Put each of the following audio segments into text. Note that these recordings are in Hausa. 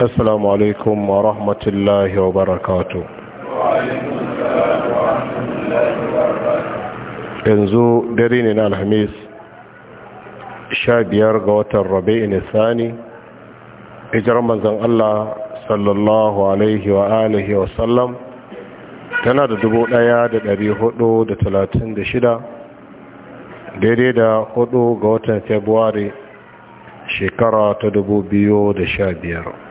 alaikum wa rahmatullahi wa وبركاته yanzu dare ne na alhamis sha biyar ga watan rabi'i nisani ijiran manzan allah sallallahu alaihi wa alihi wa sallam tana da dubu daya da dari hudu da talatin da shida daidai da hudu ga watan februari shekara ta dubu biyu da sha biyar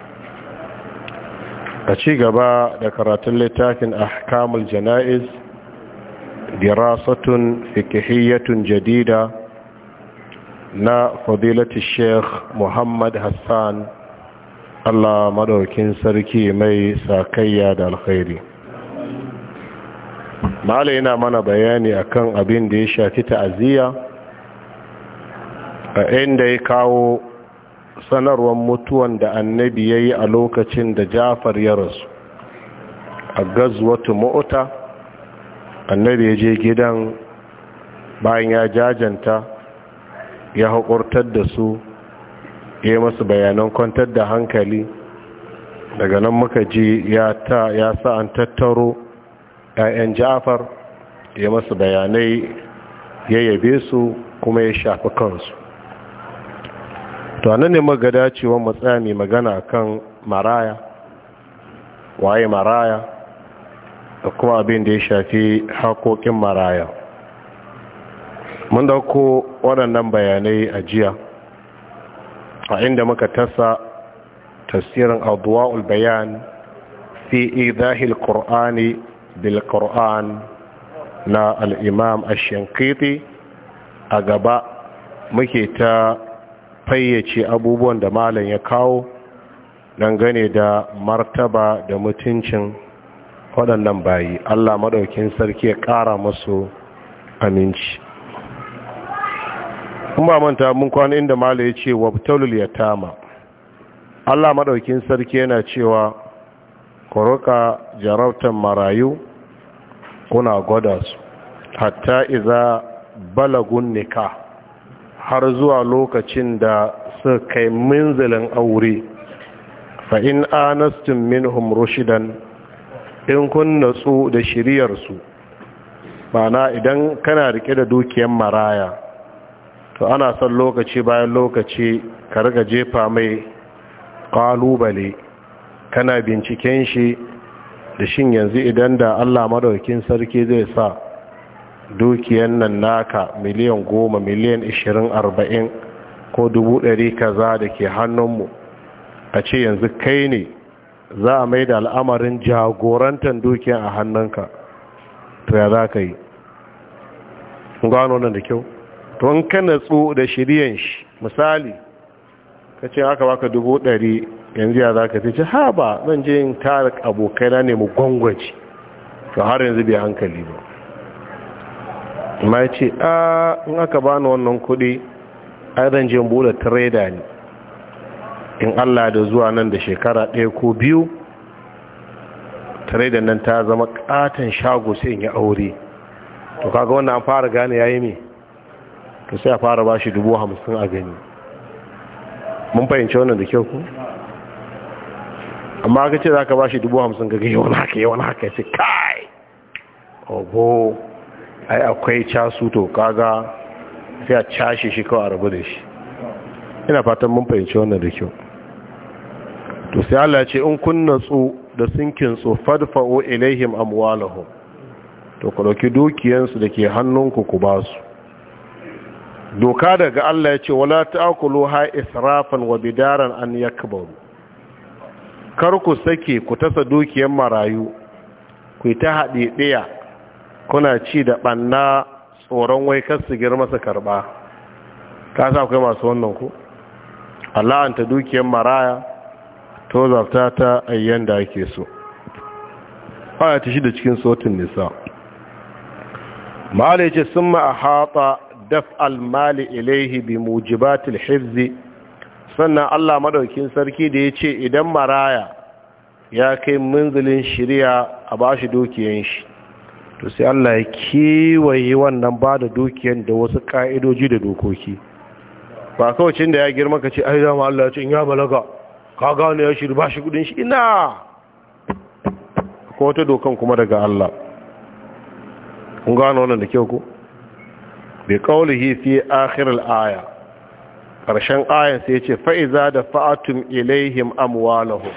a ci gaba da karatun littafin ahkamul jana'iz dirasatun fikihiyatun jadida na fadilati sheikh muhammad hassan allah madaukin sarki mai sakayya da alkhairi mala yana mana bayani akan abin da ya shafi ta'aziyya a inda ya kawo sanarwar mutuwan da annabi ya yi a lokacin da jafar ya rasu a gazwatu ma'uta annabi ya je gidan bayan ya jajanta ya haƙurtar da su ya yi masu bayanan kwantar da hankali daga nan muka ji ya ta ya sa an tattaro 'ya'yan jafar ya masu bayanai ya yabe su kuma ya shafi kansu to nan ne maga dacewa matsaya mai magana kan maraya waye maraya da kuma abin da ya shafi haƙoƙin maraya mun dauko waɗannan bayanai a jiya a inda muka tasa tasirin abuwa'ul bayan fi idahil ƙur'ani bil qur'an na al'imam a shankiti a gaba muke ta fayyace abubuwan da malam ya kawo dangane da martaba da mutuncin waɗannan bayi Allah maɗaukin sarki ya ƙara masu aminci kuma manta mun kwana inda malam ya ce ya tama, Allah maɗaukin sarki yana cewa ku roƙa jarautar marayu kuna gwada su hatta iza balagun nikah har zuwa lokacin da su kai minzalin aure fa in anastum minhum rushidan in kun natsu da su. Bana idan kana rike da dukiyar maraya to ana son lokaci bayan lokaci ka riga jefa mai kalubale kana binciken shi da shin yanzu idan da Allah madaukin sarki zai sa dukiyan nan naka miliyan goma miliyan ishirin arba'in ko dubu ɗari kaza da ke hannunmu a ce yanzu kai ne za a mai da al'amarin jagorantar dukiyan a hannunka to ya za ka yi gano nan da kyau to an ka tso da shiryan shi misali ka ce aka baka dubu ɗari yanzu ya za ka ce ha ba zan je yin tarik abokaina ne mu gwangwaci to har yanzu bai hankali ba ma ya ce a in aka bani wannan kudi zan je bude tireda ne in allah da zuwa nan da shekara ɗaya ko biyu tireda nan ta zama katon shago sai in yi aure to kaga wannan an fara gane ya yi mai to sai a fara ba shi dubu hamsin a gani mun fahimci wannan da kyau ku amma aka ce za ka ba shi dubu hamsin ga gani wani haka wani haka ya ce kai ogo ai akwai casu to kaga sai a cashe shi kawai a rabu da shi ina fatan mun fahimci wannan da kyau to sai Allah ce in kun natsu da sinkin su fadfa'u ilaihim amwalahum to ku dauki dukiyansu da ke hannunku ku ba su doka daga Allah ya ce wala ta'kulu ha israfan wa bidaran an yakbaru kar ku sake ku tasa dukiyan marayu ku ta haɗe ɗaya kuna ci da ɓanna tsoron wai kasu girma su karɓa ka sa akwai masu wannan ku ta dukiyar maraya to zafta ta ayyan da ake so aya ta shi da cikin sotin nisa mala ce sun ma'ahata daf almali ilaihi bi mujibatil hizzi sannan Allah madaukin sarki da ya ce idan maraya ya kai munzulin shirya a ba shi dukiyan shi to sai Allah ya kiwaye wannan ba da dukiyar da wasu ka'idoji da dokoki ba kawacin da ya girma ka ce ai zama Allah ya ce in ya balaga ka gane ya shiri ba shi kudin shi ina ko wata dokan kuma daga Allah kun gano wannan da kyau ko bi qawlihi fi akhir al'aya ƙarshen ayan sai ce fa'iza da fa’atun ilaihim amwalahum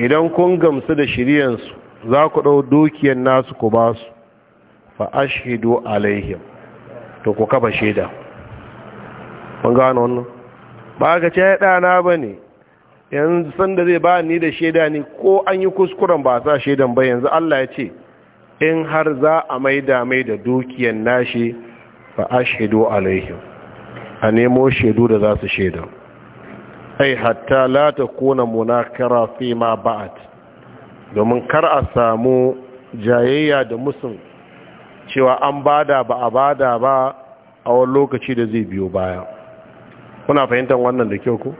idan kun gamsu da shiriyansu za ku ɗau dukiyar nasu ku ba su fa alaihim to ku kafa shaida ban gano wannan ba ga ce ya ɗana ba ne yanzu sanda zai ba ni da shaida ne ko an yi kuskuren ba sa shaidan ba yanzu Allah ya ce in har za a maida mai da dukiyar nashi fa alaihim a nemo shaidu da za su shaida ai hatta la kona munakara fi ma ba'at domin kar a samu jayayya da musun cewa an bada ba a bada ba a wani lokaci da zai biyo baya kuna fahimtar wannan da kyau ku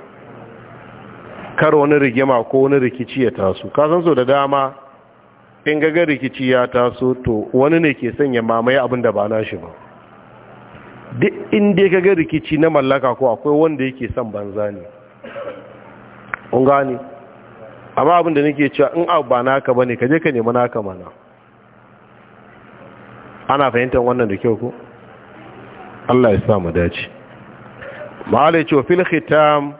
kar wani rigima ko wani rikici ya taso kasan so da dama in gaga rikici ya taso to wani ne ke sanya mamaye abin da ba na ba duk inda ya kaga rikici na mallaka ko akwai wanda yake son banza ne kun amma abin nake cewa in abu ba naka bane ka je ka nemi naka mana ana fahimtar wannan da kyau ko Allah ya sa mu dace malai cewa fil khitam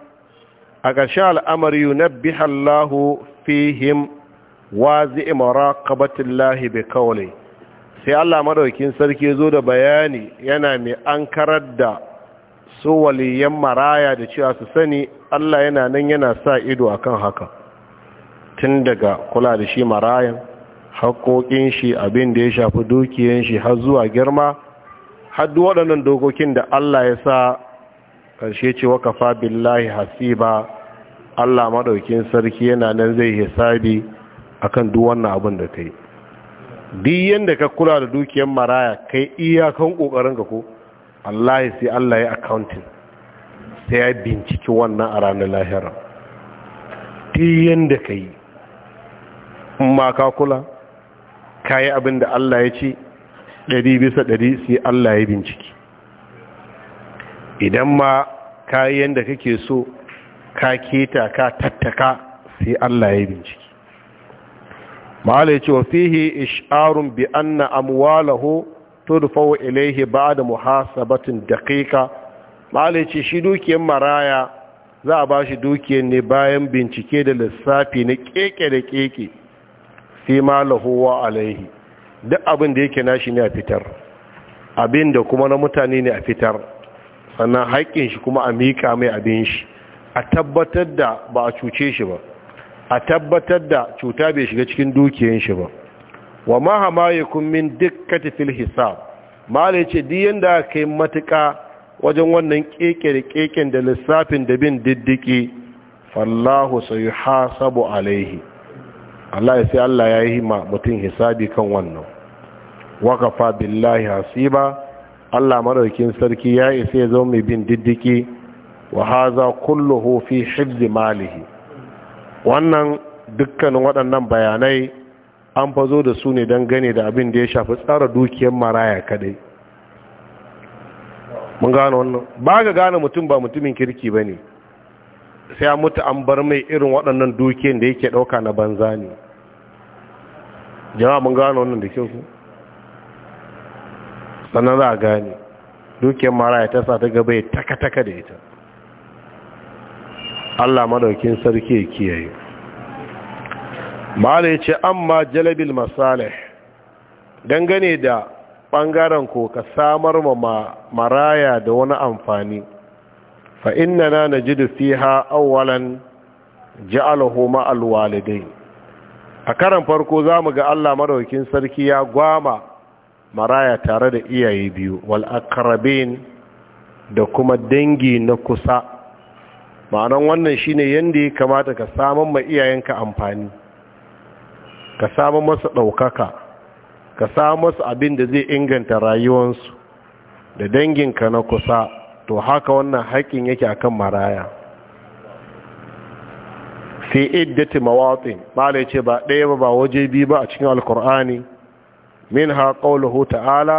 a ƙarshen al'amari yunabbiha Allah fihim wazi muraqabatillahi bi qawli sai Allah madaukin sarki zo da bayani yana mai ankarar da su waliyan maraya da cewa su sani Allah yana nan yana sa ido akan haka tun daga kula da shi marayan haƙoƙin shi abin da ya shafi dukiyan shi har zuwa girma haddu waɗannan dokokin da Allah ya sa ƙarshe ce wa kafa billahi hasiba Allah maɗaukin sarki yana nan zai hisabi a kan duwannan abin da ta yi. duk yadda ka kula da dukiyan maraya kai iyakan ƙoƙarin ka ko Allah sai Allah ya accounting sai ya binciki wannan a ranar lahira duk ka yi. in ma ka kula ka yi abin da Allah ya ce ɗari bisa ɗari sai Allah ya bincike, idan ma ka yi yadda kake so ka keta ka tattaka sai Allah ya binciki ma'ala ya ce wa fihi ish'arun bi anna amwalahu tudfawu ilaihi ba'da muhasabatin daqiqa ma'ala ya ce shi dukiyar maraya za a ba shi dukiyar ne bayan bincike da lissafi na keke da keke fi ma lahu alaihi duk abin da yake nashi ne a fitar abin da kuma na mutane ne a fitar sannan haƙƙin shi kuma a miƙa mai abin shi a tabbatar da ba a cuce shi ba a tabbatar da cuta bai shiga cikin dukiyan shi ba wa ma hama yakun min dikkati fil hisab mala yace duk yanda kai matuƙa wajen wannan kekere keken da lissafin da bin diddiki fallahu sayuhasabu alaihi Allah sai Allah ya yi ma mutum hisabi kan wannan wakafa billahi hasiba Allah madaukin sarki ya isa ya zama mai bin diddiki wa haza kulluhu fi hifzi malihi wannan dukkanin waɗannan bayanai an fazo da su ne don gane da abin da ya shafi tsara dukiyar maraya kadai mun gano wannan ba ga gane mutum ba mutumin kirki ba ne sai ya mutu an bar mai irin waɗannan dukiyar da yake ɗauka na banza ne jama'a mun gano wannan da kyau sannan za a gane dukiyar maraya ta sa ta gaba ya taka-taka da ita Allah madaukin sarki ya kiyaye ma'ala ya ce amma jalabil masalih dangane da ɓangaren ko ka samar ma maraya da wani amfani fa'in na na najidu fiha ha'awalan ja'alahu ma a karan farko za mu ga Allah madaukin sarki ya gwama maraya tare da iyaye biyu wal da kuma dangi na kusa ma'anan wannan shine yadda ya kamata ka samun ma iyayenka amfani ka samun masa ɗaukaka ka samun masu abin da zai inganta rayuwarsu, da danginka na kusa to haka wannan haƙƙin yake akan maraya fi iddati mawatin mala yace ba ɗaya ba ba waje bi ba a cikin alkur'ani minha qawluhu ta'ala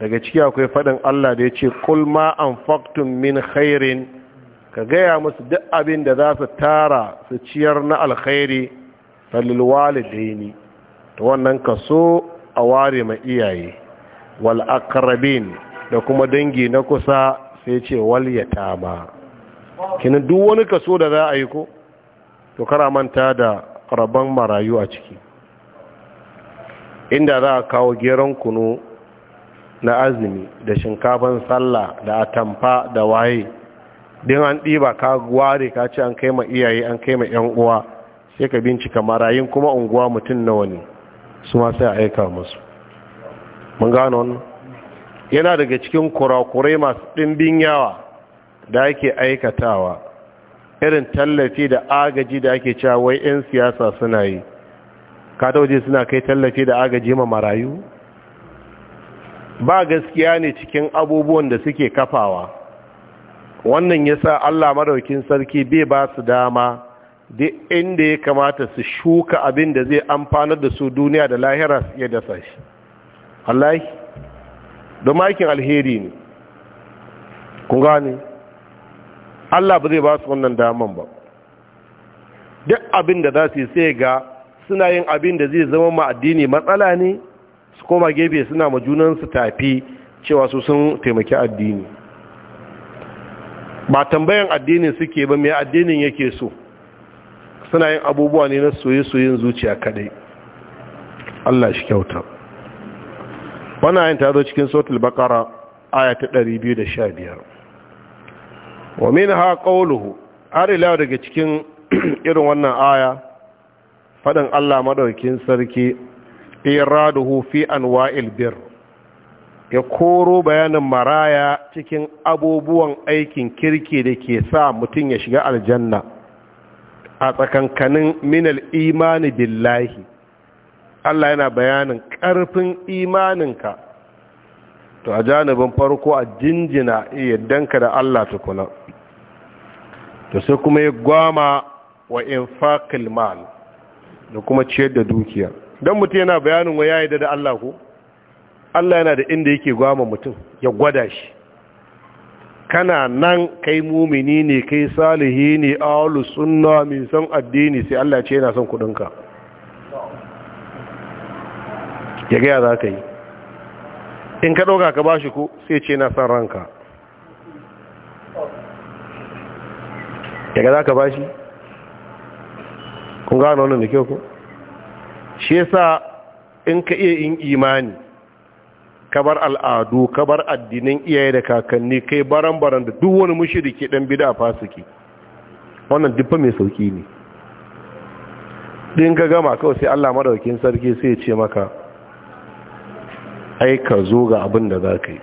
daga ciki akwai fadin Allah da yace kul ma anfaqtum min khairin ka gaya musu duk abin da za su tara su ciyar na alkhairi falil walidaini to wannan kaso a ware ma iyaye wal aqrabin da kuma dangi na kusa sai ce wal yatama kina duk wani kaso da za a yi ko to kara manta da rabon marayu a ciki inda za a kawo geron kunu na azumi da shinkafan sallah da atamfa da waye din an ɗiba ka ware ka ce an kai ma iyaye an kai ma 'yan uwa sai ka bincika marayun kuma unguwa mutum nawa ne su ma sai a aika musu mun gano wannan yana daga cikin kurakurai masu ɗimbin yawa da ake aikatawa irin tallafi da agaji da ake cewa wai 'yan siyasa suna yi katawaje suna kai tallafi da agaji ma marayu ba gaskiya ne cikin abubuwan da suke kafawa wannan ya sa allah maraukin sarki bai ba su dama duk inda ya kamata su shuka abin da zai amfanar da su duniya da lahira ya dasa shi allahi domin alheri ne Ku gane Allah ba zai ba su wannan daman ba duk abin da za su yi sai ga suna yin abin da zai zama ma addini matsala ne su koma gefe suna ma junansu tafi cewa su sun taimaki addini ba tambayan addinin suke ba mai addinin yake so suna yin abubuwa ne na soye-soyen zuciya kadai Allah shi kyauta wannan yin ta zo cikin sautul bakara aya ta biyar. wa min ha ƙauluhu har ila daga cikin irin wannan aya faɗin Allah maɗaukin sarki iraduhu fi anwa'il bir ya koro bayanin maraya cikin abubuwan aikin kirki da ke sa mutum ya shiga aljanna a tsakankanin minal imani billahi Allah yana bayanin ƙarfin imaninka to a janibin farko a jinjina yaddanka da Allah tukunan to sai kuma ya gwama wa infaqil mal da kuma ciyar da dukiya dan mutum yana bayanin wa yayi da Allah ko Allah yana da inda yake gwama mutum ya gwada shi kana nan kai mumini ne kai salihi ne ahlus sunna min san addini sai Allah ce yana son kudinka ya gaya za ka yi in ka ɗauka ka bashi ko sai ce yana son ranka Yaga za ka ba shi kun gano wannan da kyau ku shi yasa in ka iya yin imani kabar al'adu kabar addinin iyaye da kakanni kai baran-baran da duk wani mushi da ke dan bid'a fasiki wannan dubba mai sauki ne ɗin ka gama kawai sai Allah madaukakin sarki sai ya ce maka ai zo ga abin da za ka yi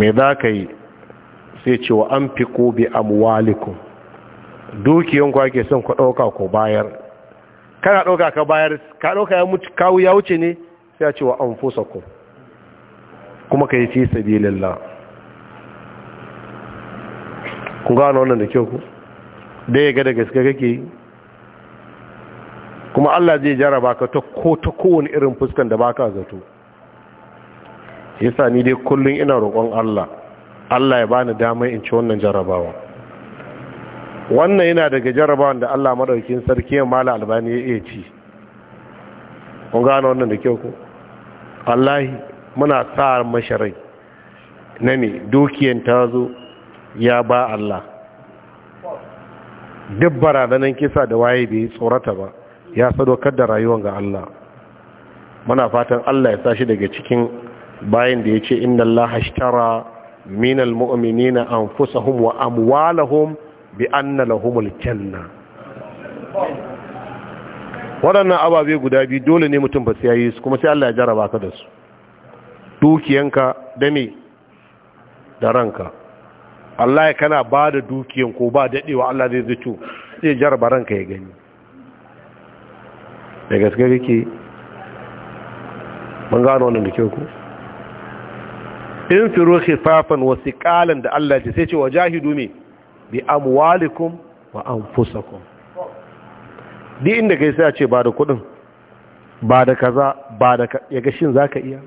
me za ka yi sai ce wa an fi bi amwalikum dukiyan ku ake son ku ɗauka ko bayar kana ɗauka ka bayar ka ɗauka ya mutu kawo ya wuce ne sai a ce wa an fusa ku kuma ka yi fi lalla ku gano wannan da kyau ku da ya gada gaske kake yi kuma Allah zai jaraba ka ta ko ta kowane irin fuskan da baka zato yasa ni dai kullun ina roƙon Allah Allah ya bani damar in ci wannan jarabawa wannan yana daga jarabawan da Allah madaukakin sarki ya mala albani ya iya ci kun gano wannan da kyau ku wallahi muna sa masharai na ne dukiyan ta zo ya ba Allah duk barazanan kisa da waye bai tsorata ba ya sadaukar da rayuwar ga Allah muna fatan Allah ya sashi daga cikin bayan da ya ce inna Allah hashtara min almu'minina anfusahum wa amwalahum bi anna lahumul janna waɗannan ababe guda biyu dole ne mutum ba sai yayi su kuma sai Allah ya jaraba ka da su dukiyanka da me da ranka Allah ya kana ba dukiyan ko ba daɗewa Allah zai zucu zai jaraba ranka ya gani da gaske kake mun gano wannan da kyau ku in firu khifafan wa siqalan da Allah ce sai ce wa jahidu mi bi amwalikum wa anfusakum di inda kai sai a ce ba da kudin ba da kaza ba da ya ga shin zaka iya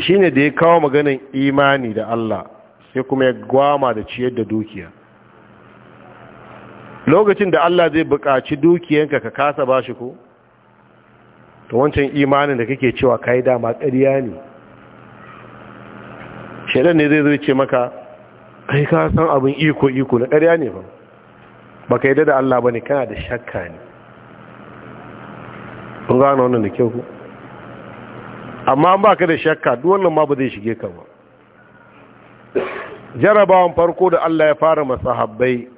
shine da ya kawo maganin imani da Allah sai kuma ya gwama da ciyar da dukiya lokacin da Allah zai buƙaci dukiyanka ka kasa bashi ko to wancan imanin da kake cewa kai dama ƙarya ne shaidan ne zai zai ce maka kai ka san abin iko iko na ƙarya ne ba ba ka yi dada Allah ba ne kana da shakka ne kun gano wannan da kyau ku amma ba ka da shakka duk wannan ma ba zai shige ka ba jarabawan farko da Allah ya fara masahabbai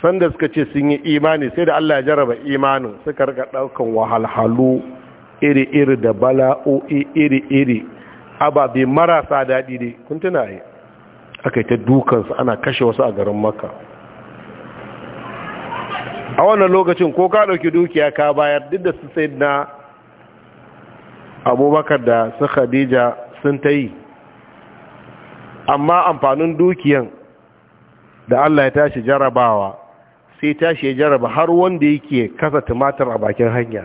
sanda suka ce sun yi imani sai da Allah ya jaraba imanin suka rika daukan wahalhalu iri-iri da bala'o'i iri-iri ababe marasa daɗi dai kun tuna yi aka yi ta dukansu ana kashe wasu a garin maka a wannan lokacin ko ka ɗauki dukiya ka bayar duk da su sai na abubakar da su khadija sun ta yi amma amfanin dukiyan da Allah ya tashi jarabawa sai tashi ya jaraba har wanda yake kasa tumatir a bakin hanya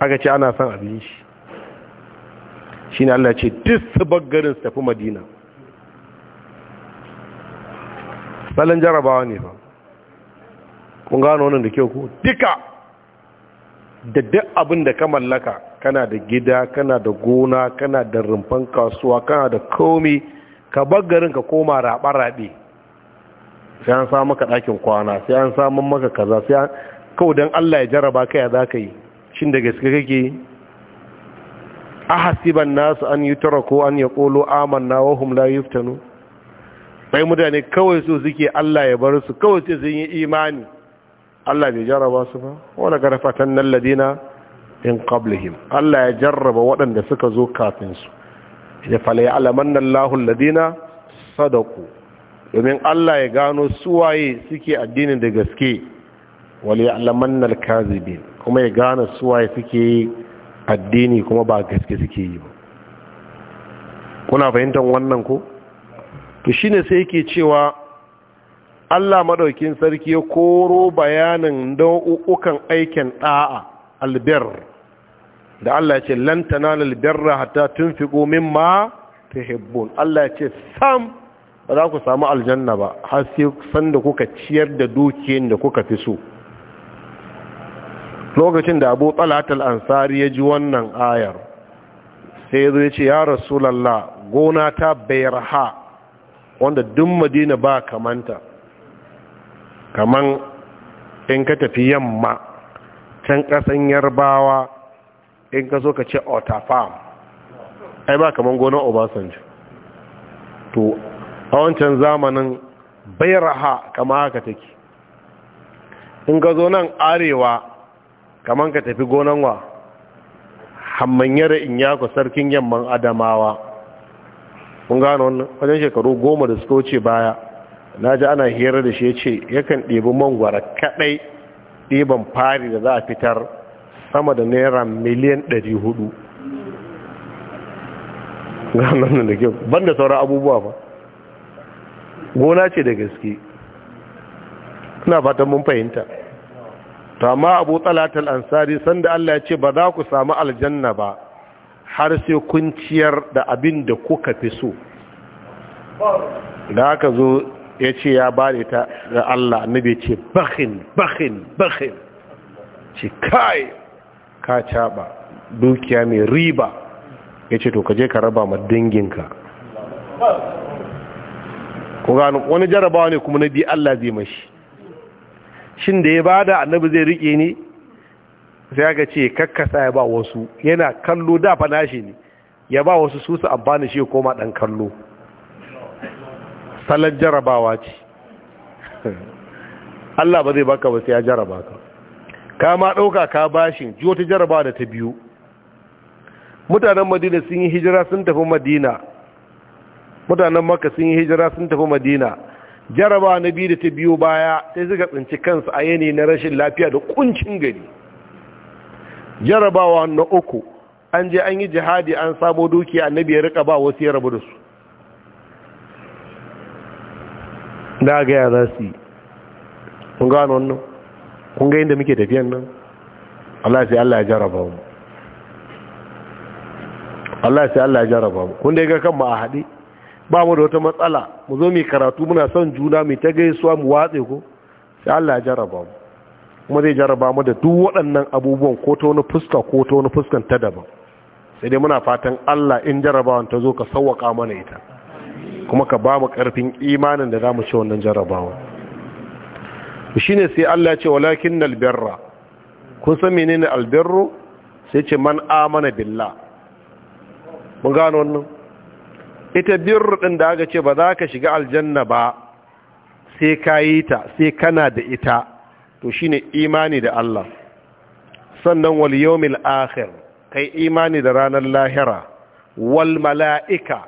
aka ce ana son abin shi shi ne Allah ce duk baggarin tafi madina salon jarabawa ne ba kun gano wannan da kyau ko duka da duk abin da ka mallaka kana da gida kana da gona kana da rumfan kasuwa kana da komi ka baggarin ka koma raɓe rabe sai an samu maka ɗakin kwana sai an samu maka kaza sai an kawo don Allah ya jarraba kai ya za ka yi shin da gaske kake ahasiban nasu an yi tara ko an ya kolo aman na wahum la yuftanu bai mutane kawai su suke Allah ya bar su kawai su sun yi imani Allah bai jarraba su ba wani garfatan nan ladina in qablihim Allah ya jarraba waɗanda suka zo kafin su ya fala alamannan ladina sadaku domin Allah ya gano suwaye suke addinin da gaske wal ya'lamanna kazibi kuma ya gano suwaye suke addini kuma ba gaske suke yi ba kuna fahimtar wannan ko to shine sai yake cewa Allah maɗaukin sarki ya koro bayanin nau'ukan aikin ɗa'a albir da Allah ya ce lan tanalul birra hatta tunfiqu mimma hebbun. Allah ya ce sam ba za ku samu aljanna ba har sai sanda kuka ciyar da dukiyar da kuka fi so lokacin da abu talatal ansari ya ji wannan ayar sai ya zo ya ce ya rasulallah gona ta bayarha wanda duk madina ba kamanta kaman in ka tafi yamma can kasan yarbawa in ka so ka ce otafam ai ba kaman gonar obasanjo to a wancan zamanin Raha kama haka take in ka zo nan arewa kaman ka tafi hamman hammanyara in yaku sarkin yamman adamawa kun gano wannan wajen shekaru goma da suka wuce baya na ji ana hira da shi ya ce yakan ɗebi mangwara kaɗai ɗiban fari da za a fitar sama da naira miliyan 400 ganin da ke ban sauran abubuwa ba gona ce da gaske na fatan mun fahimta ta ma abu talatal ansari sanda Allah ya ce ba za ku samu aljanna ba har sai kunciyar da abin da kuka fi so da aka zo ya ce ya bada ta ga Allah annabi ce bakhin bakhin bakhin ce kai ka caɓa dukiya mai riba ya ce to kaje ka raba ma danginka ku gano wani jarabawa ne kuma na biyu Allah zai mashi shin da ya bada annabi zai rike ni sai aka ce kakkasa ya ba wasu yana kallo da ne ya ba wasu su su amfani shi koma dan kallo salar jarabawa ce Allah ba zai baka ba sai ya jaraba ka ka ma ɗauka ka bashi ji wata jaraba da ta biyu mutanen madina sun yi hijira sun tafi madina mutanen maka sun yi hijira sun tafi madina jaraba na biyu da ta biyu baya sai suka tsinci kansu a yanayi na rashin lafiya da kuncin gari jarabawa na uku an je an yi jihadi an samo dukiya annabi ya rika ba wasu ya rabu da su na gaya za su yi kun gano wannan kun ga inda muke tafiyan nan Allah sai Allah ya jaraba mu Allah sai Allah ya jaraba mu kun da ga kan ma a haɗe ba mu da wata matsala mu zo mai karatu muna son juna mai ta gaisuwa mu watse ko sai Allah ya jaraba mu kuma zai jaraba mu da duk waɗannan abubuwan ko ta wani fuska ko ta wani fuskan ta daban sai dai muna fatan Allah in jarabawan ta zo ka sawwaka mana ita kuma ka ba mu ƙarfin imanin da za mu ci wannan To shine sai Allah ya ce walakin albirra kun san menene albirru sai ce man amana billah mun gano wannan ita birr ɗin da aka ce ba za ka shiga aljanna ba sai ka yi ta sai kana da ita to shine imani da Allah sannan wal yawmil akhir kai imani da ranar lahira wal mala'ika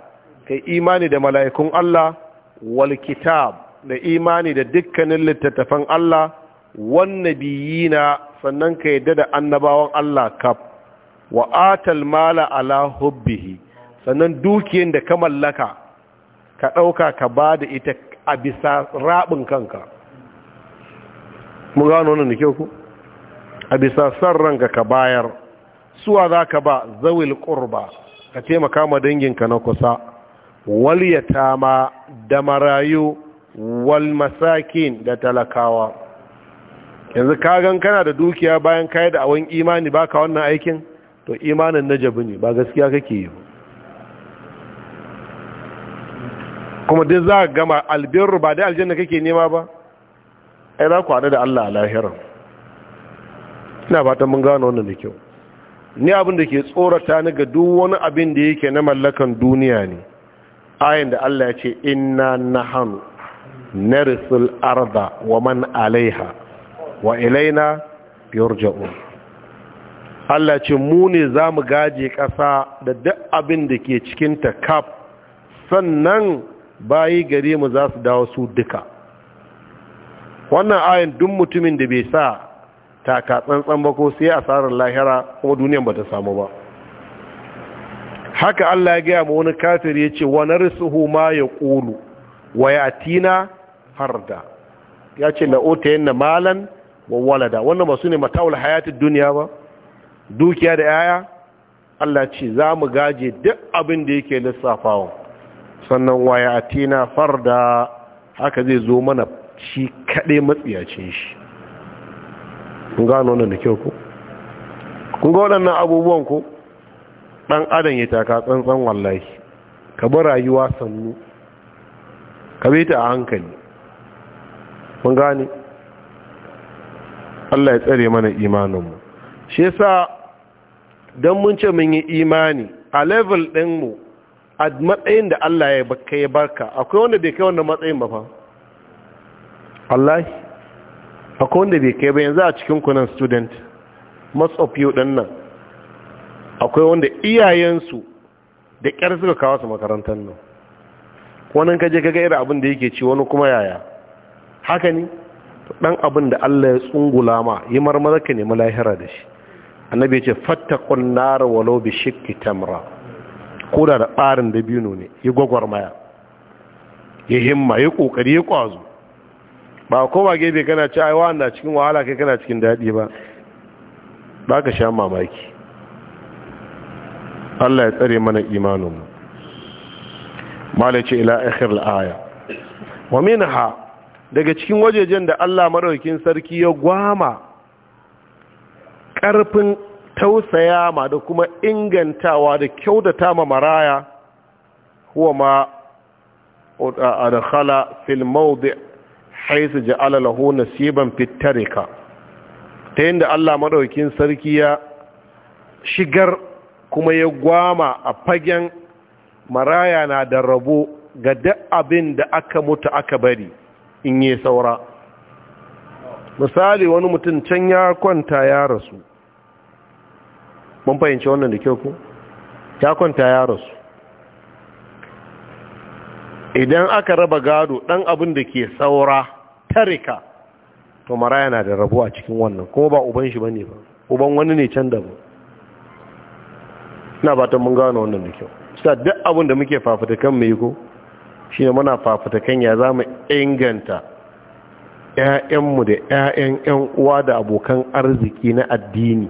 kai imani da mala'ikun Allah wal kitab da imani da dukkanin littattafan Allah wan nabiyina sannan ka yadda da annabawan Allah kaf wa atal mala ala hubbihi sannan dukiyar da ka mallaka ka ɗauka ka ba da ita a bisa raɓin kanka mun gano nan da kyau ku a bisa san ranka ka bayar suwa za ka ba zawil ƙurba ka taimaka ma danginka na kusa Walyata ma da marayu wal masakin da talakawa yanzu kagan kana da dukiya bayan kayi da awon imani baka wannan aikin to imanin najabi ne ba gaskiya kake yi ba kuma dai za ka gama albirru ba dai aljanna kake nema ba ai za ku haɗu da Allah a lahiran ina fatan mun gano wannan da kyau ni abin da ke tsorata ni ga duk wani abin da yake na mallakan duniya ne ayin da Allah ya ce inna nahanu narisul arda wa man alaiha wa ilaina yurja'u Allah ce mu ne za mu gaje ƙasa da duk abin da ke cikinta kaf sannan bayi gare mu za su dawo su duka wannan ayin duk mutumin da bai sa taka tsantsan ba ko sai asarar lahira kuma duniyan ba ta samu ba haka Allah ya gaya ma wani kafir ya ce wa narsuhu ma ya ƙulu wa ya tina farda ya ce la'ota yana malan wa walada wannan ba su ne mata'ul hayatun duniya ba dukiya da yaya Allah ce za mu gaje duk abin da yake lissafawa sannan waya a tina farda haka zai zo mana shi kaɗai matsiyacin shi kun gano wannan da kyau ko kun ga waɗannan abubuwan ko ɗan adam ya taka tsantsan wallahi ka bi rayuwa sannu ka bi ta a hankali mun gane Allah ya tsare mana imaninmu shi yasa don mun ce mun yi imani a level ɗinmu a matsayin da Allah ya baka ya barka akwai wanda bai kai wannan matsayin ba fa Allah akwai wanda bai kai ba yanzu a cikin kunan student most of you din nan akwai wanda iyayensu da ƙyar suka kawo su makarantar nan wannan kaje kaga irin abin da yake ci wani kuma yaya haka ne dan abin da Allah ya tsungula ma yi marmarka ne nemi lahira da shi annabi ya ce fattaqun nar walau bi shikki tamra koda da ɓarin da biyu ne ya gwagwarmaya ya himma ya ƙoƙari ya ƙwazo ba kowa gebe kana ci aiwa na cikin wahala kai kana cikin daɗi ba ba ka sha mamaki Allah ya tsare mana imaninmu malace ila akhir al-aya wa minha daga cikin wajejen da Allah madaukakin sarki ya gwama karfin tausaya ma da kuma ingantawa da kyautata ma maraya huwa ma adkhala fil mawdi haythu ja'ala lahu nasiban fit tarika ta yadda Allah madaukin sarki ya shigar kuma ya gwama a fagen maraya na da rabo ga duk abin da aka mutu aka bari in yi saura misali wani mutum can ya kwanta ya rasu mun fahimci wannan da kyau ku ta kwanta ya rasu idan aka raba gado ɗan abin da ke saura tarika to mara yana da rabu a cikin wannan kuma ba uban shi bane ba uban wani ne can daban na ba ta mun gano wannan da kyau sa duk abin da muke fafatakan mai ko shi ne muna fafatakan ya za mu inganta ‘ya'yanmu da ‘ya'yan ‘yan’uwa uwa da abokan arziki na addini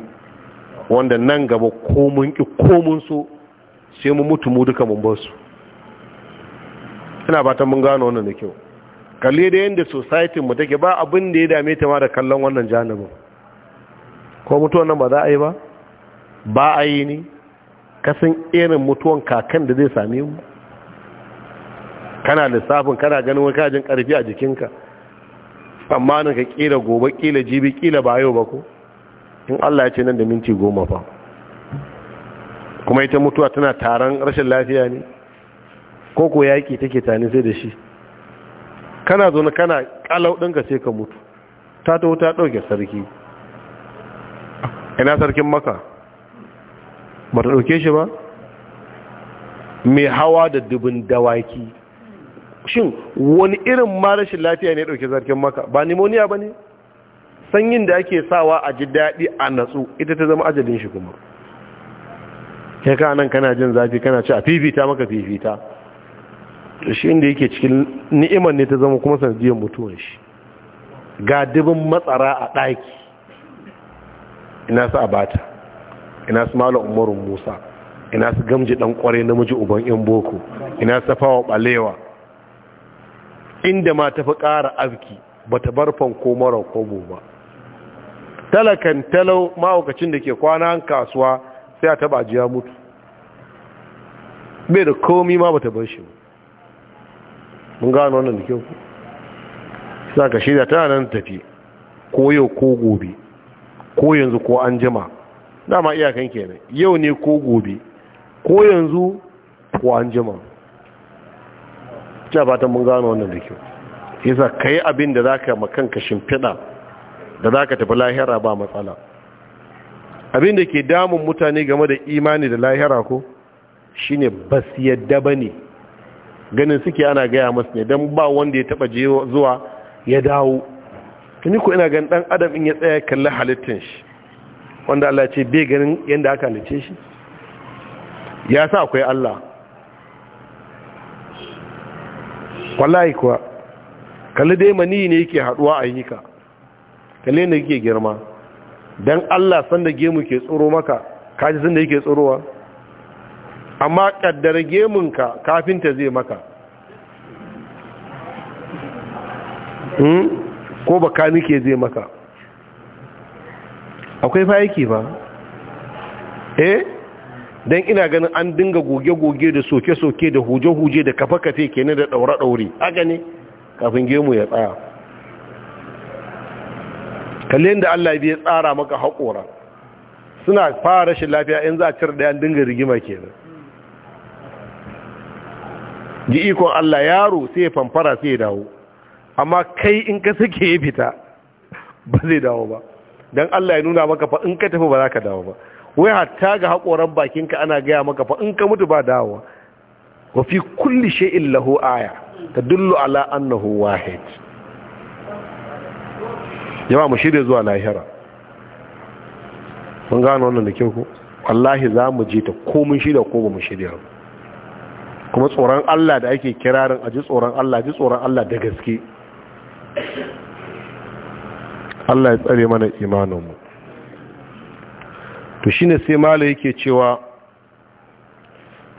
wanda nan gaba komun ki komun so sai mu mutu mu duka mun basu ina fatan mun gano wannan da kyau kalle da yanda society mu take ba abin da ya dame ta ma da kallon wannan janibin ko mutuwan nan ba za a yi ba ba a yi ni kasan irin mutuwan kakan da zai same mu kana lissafin kana ganin wani kajin karfi a jikinka amma ka kila gobe kila jibi kila ba yau ba ko in Allah ya ce nan da minti goma fa kuma ita mutuwa tana taron rashin lafiya ne ko ko yaƙi take tani sai da shi kana zo na kana kalau ɗinka sai ka mutu ta ta wuta ɗauke sarki ina sarkin maka ba ta ɗauke shi ba mai hawa da dubin dawaki shin wani irin ma rashin lafiya ne ɗauke sarkin maka ba nimoniya ba ne sanyin da ake sawa a ji daɗi a natsu ita ta zama ajalin shi kuma ya ka nan kana jin zafi kana ci a fifita maka fifita shi inda yake cikin ni'imar ne ta zama kuma sanadiyar mutuwan shi ga dubin matsara a ɗaki ina su abata ina su malam umarun musa ina su gamji ɗan ƙware namiji uban yan boko ina su fawa ɓalewa inda ma tafi ƙara aski ba ta bar ko mara kobo ba talakan talau mahaukacin da ke kwana an kasuwa sai a taba ajiya mutu bai da komi ma bata bar shi mun gano wannan da kyau sa ka shirya tana nan tafi ko yau ko gobe ko yanzu ko an jima dama iyakan kenan yau ne ko gobe ko yanzu ko an jima ta fatan mun gano wannan da kyau yasa kai abin da za ka makanka shimfiɗa da za ka tafi lahira ba matsala abin da ke damun mutane game da imani da lahira ko shine bas yadda ba ne ganin suke ana gaya masu ne don ba wanda ya taba zuwa ya dawo tuni ko ina ganin dan adam in ya tsaya kalli halittin shi wanda Allah ce bai ganin yadda aka halice shi ya sa akwai Allah wallahi kuwa kalli dai mani ne yake haduwa a yi ka kalle ne yake girma dan Allah sanda gemu ke tsoro maka kaji sanda yake tsorowa amma ka kafin kafinta zai maka hmm? ko baka nike zai maka akwai fa yake ba eh dan ina ganin an dinga goge-goge da soke-soke da huje-huje da kafa kafe kenan da daura daure a gane kafin gemu ya tsaya kalle da Allah ya tsara maka haƙora suna fara rashin lafiya in za a cire ɗayan dinga rigima kenan ji ikon Allah yaro sai ya famfara sai ya dawo amma kai in ka sake ya fita ba zai dawo ba don Allah ya nuna maka fa in ka tafi ba za ka dawo ba wai hatta ga haƙoran bakinka ana gaya maka fa in ka mutu ba dawowa wa fi kulli lahu aya tadullu ala annahu wahid jama'a mu shirya zuwa lahira mun gano wannan da kyau wallahi za mu je ta ko mun shirya ko ba mu shirya kuma tsoron Allah da ake kirarin a ji tsoron Allah ji tsoron Allah da gaske Allah ya tsare mana imaninmu to shine sai mala yake cewa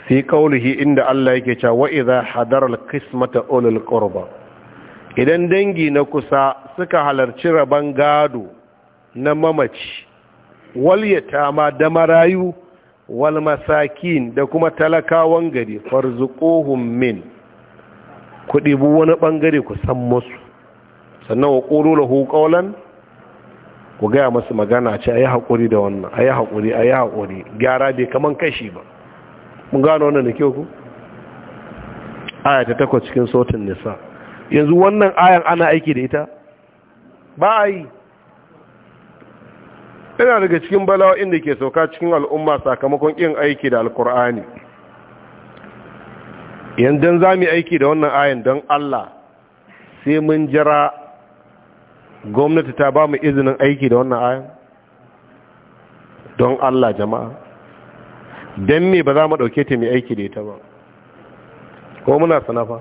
sai qaulihi inda Allah yake cewa wa idha hadara al-qismata ulul qurba idan dangi na kusa suka halarci rabon gado na mamaci walyata ma da marayu wal masakin da kuma talakawan gari farzuquhum min kuɗi bu wani ɓangare ku san musu sannan wa ƙoro da ƙaunan ku gaya masu magana ce a yi haƙuri da wannan a yi haƙuri a yi haƙuri gyara bai kaman kashi ba mun gano wannan da kyau ku aya ta takwas cikin sautin nisa yanzu wannan ayan ana aiki da ita ba a yi yana daga cikin bala'o'in da ke sauka cikin al'umma sakamakon yin aiki da alkur'ani yanzu za mu aiki da wannan ayan don allah sai mun jira gwamnati ta ba mu izinin aiki da wannan ayan don allah jama'a don me ba za mu ɗauke ta mai aiki da ita ba ko muna sanafa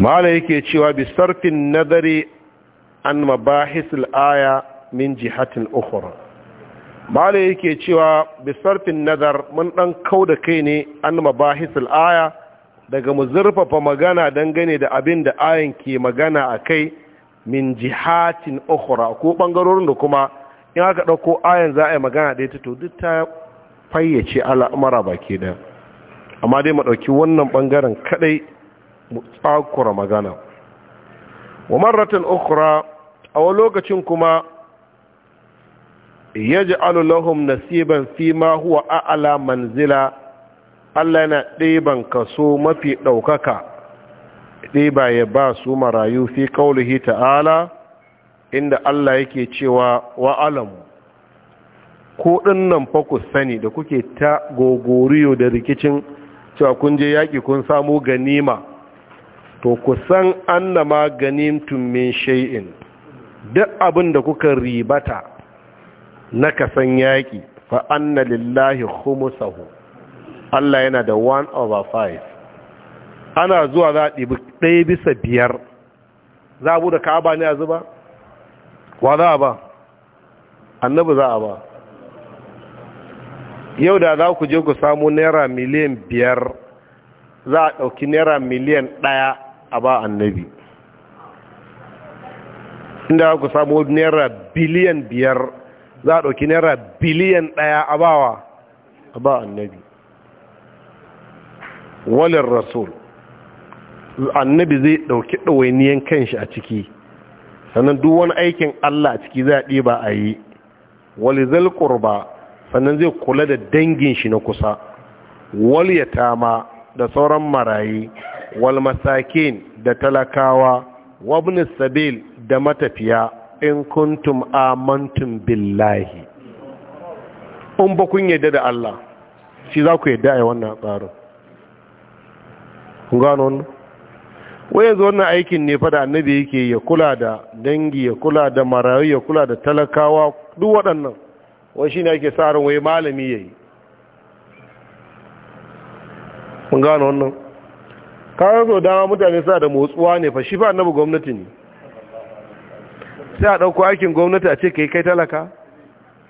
mala yake cewa bi sarfin nazari an mabahisul aya min jihatin ukhra mala yake cewa bi sarfin nazar mun dan kauda kai ne an mabahisul aya daga mu zurfafa magana dangane da abin da ayan ke magana akai kai min jihatin ukhra ko bangarorin da kuma in aka dauko ayan za a yi magana da ita to duk ta fayyace al'amara baki da amma dai mu dauki wannan bangaren kadai tsakura magana wa marratan ukhra a wani lokacin kuma yaj'alu lahum nasiban fima huwa a'la manzila Allah yana ɗiban kaso mafi ɗaukaka ɗiba ya ba su marayu fi kaulihi ta'ala inda Allah yake cewa wa'alamu ko nan fa ku sani da kuke ta gogoriyo da rikicin cewa kun je yaƙi kun samu ganima to kusan an ma maganin tummin sha'in duk abin da kuka ribata na kasan yaƙi fa na lillahi sahu. Allah yana da 1 over 5 ana zuwa za a ɗibi ɗaya bisa biyar za a buɗe ka'aba ne a zuba wa za a ba annabi za a ba yau da za ku je ku samu naira miliyan biyar za a ɗauki naira miliyan ɗaya a ba annabi inda ku samu naira biliyan biyar za a ɗauki naira biliyan ɗaya a bawa a ba annabi walin rasul annabi zai ɗauki ɗawainiyan kanshi a ciki sannan duk wani aikin Allah a ciki za a ɗiba a yi wali zalƙurba sannan zai kula da dangin shi na kusa Wali ya tama da sauran marayi wal masakin da talakawa wabni sabil da matafiya in kuntum amantum billahi in ba kun yadda da Allah shi za ku yadda a wannan tsaron. kun gano wannan wai yanzu wannan aikin ne fada annabi yake ya kula da dangi ya kula da marayu ya kula da talakawa duk waɗannan wai shi ne ake tsarin wai malami ya yi kun gano wannan kawai so dama mutane suna da motsuwa ne fa shi ba annabi gwamnati ne sai a ɗauko aikin gwamnati a ce kai kai talaka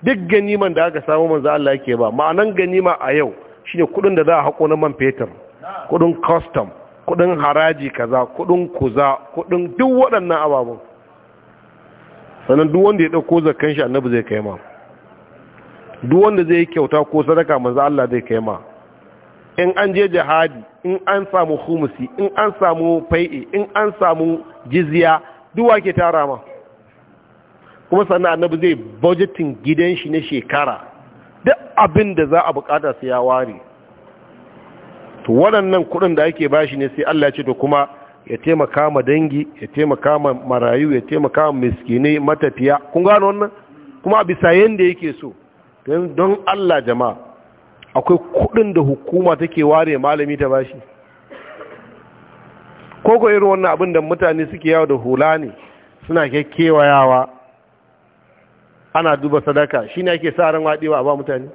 duk ganiman da aka samu manzo Allah yake ba ma'anan ganima a yau shine kudin da za a hako na man fetur kudin custom kudin haraji kaza kudin kuza kudin duk waɗannan ababun sannan duk wanda ya ɗauko zakkan shi annabi zai kai ma duk wanda zai kyauta ko sadaka manzo Allah zai kai ma in an je jihadi in an samu humusi in an samu fai'i in an samu jizya duwa ke tara ma kuma sannan annabi zai budgetin gidan shi na shekara duk abin da za a bukata su ya ware to waɗannan kuɗin da ake bashi ne sai Allah ya ce to kuma ya taimaka ma dangi ya taimaka ma marayu ya taimaka ma miskinai matafiya kun gano wannan kuma a bisa yanda yake so don Allah jama'a akwai kudin da hukuma take ware malami ta bashi ko ko irin wannan abin da mutane suke yawo da hula ne suna yawa ana duba sadaka shi ne ake sa ran wadewa a ba mutane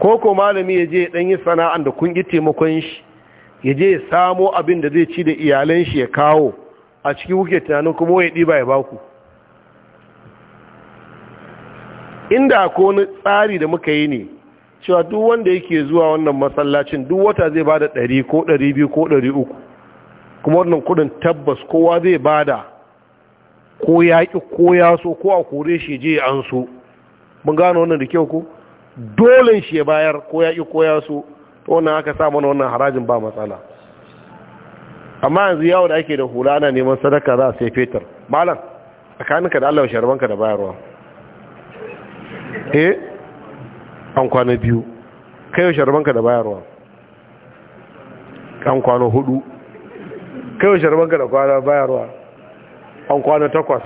ko ko malami ya je ɗan yi sana'a da kun yi taimakon shi ya je ya samo abin da zai ci da iyalan shi ya kawo a ciki kuke tunanin kuma ya ɗiba ya baku inda ko wani tsari da muka yi ne cewa duk wanda yake zuwa wannan masallacin duk wata zai bada ɗari ko ɗari biyu ko ɗari uku kuma wannan kudin tabbas kowa zai bada ko ya ƙi ko ya so ko a kore shi je an so mun gano wannan da kyau ko dole shi ya bayar ko ya ƙi ko ya so to wannan aka sa mana wannan harajin ba matsala amma yanzu yawo da ake da hula ana neman sadaka za a sai fetur malam tsakaninka da Allah sharbanka da bayarwa eh an kwana biyu kai yau sharbanka da bayarwa an kwana hudu kai yau sharbanka da kwana bayarwa an kwana takwas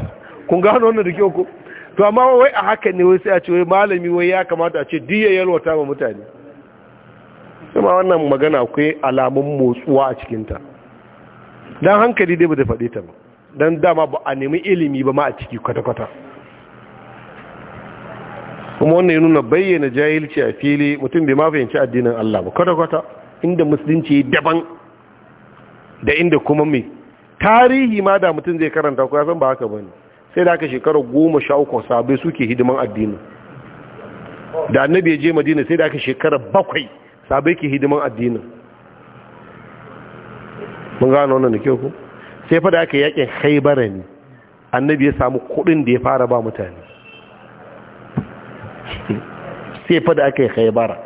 kun gano wannan da kyau ko to amma wai a haka ne wai sai a ce wai malami wai ya kamata a ce diya yalwata ma mutane kuma wannan magana akwai alamun motsuwa a cikinta don hankali dai ba da faɗi ta ba don dama ba a nemi ilimi ba ma a ciki kwata-kwata kuma wannan ya nuna bayyana jahilci a fili mutum bai ma fahimci addinin Allah ba kwata-kwata inda musulunci daban da inda kuma mai tarihi ma da mutum zai karanta ko ya san ba haka ne sai da aka shekara goma sha uku sabai suke hidiman addinin da annabi ya je madina sai da aka shekara bakwai sabai ke hidiman addinin mun gano wannan da kyau ku sai fa da aka yakin haibara ne annabi ya samu kuɗin da ya fara ba mutane ciki sai fa da aka yi khaybara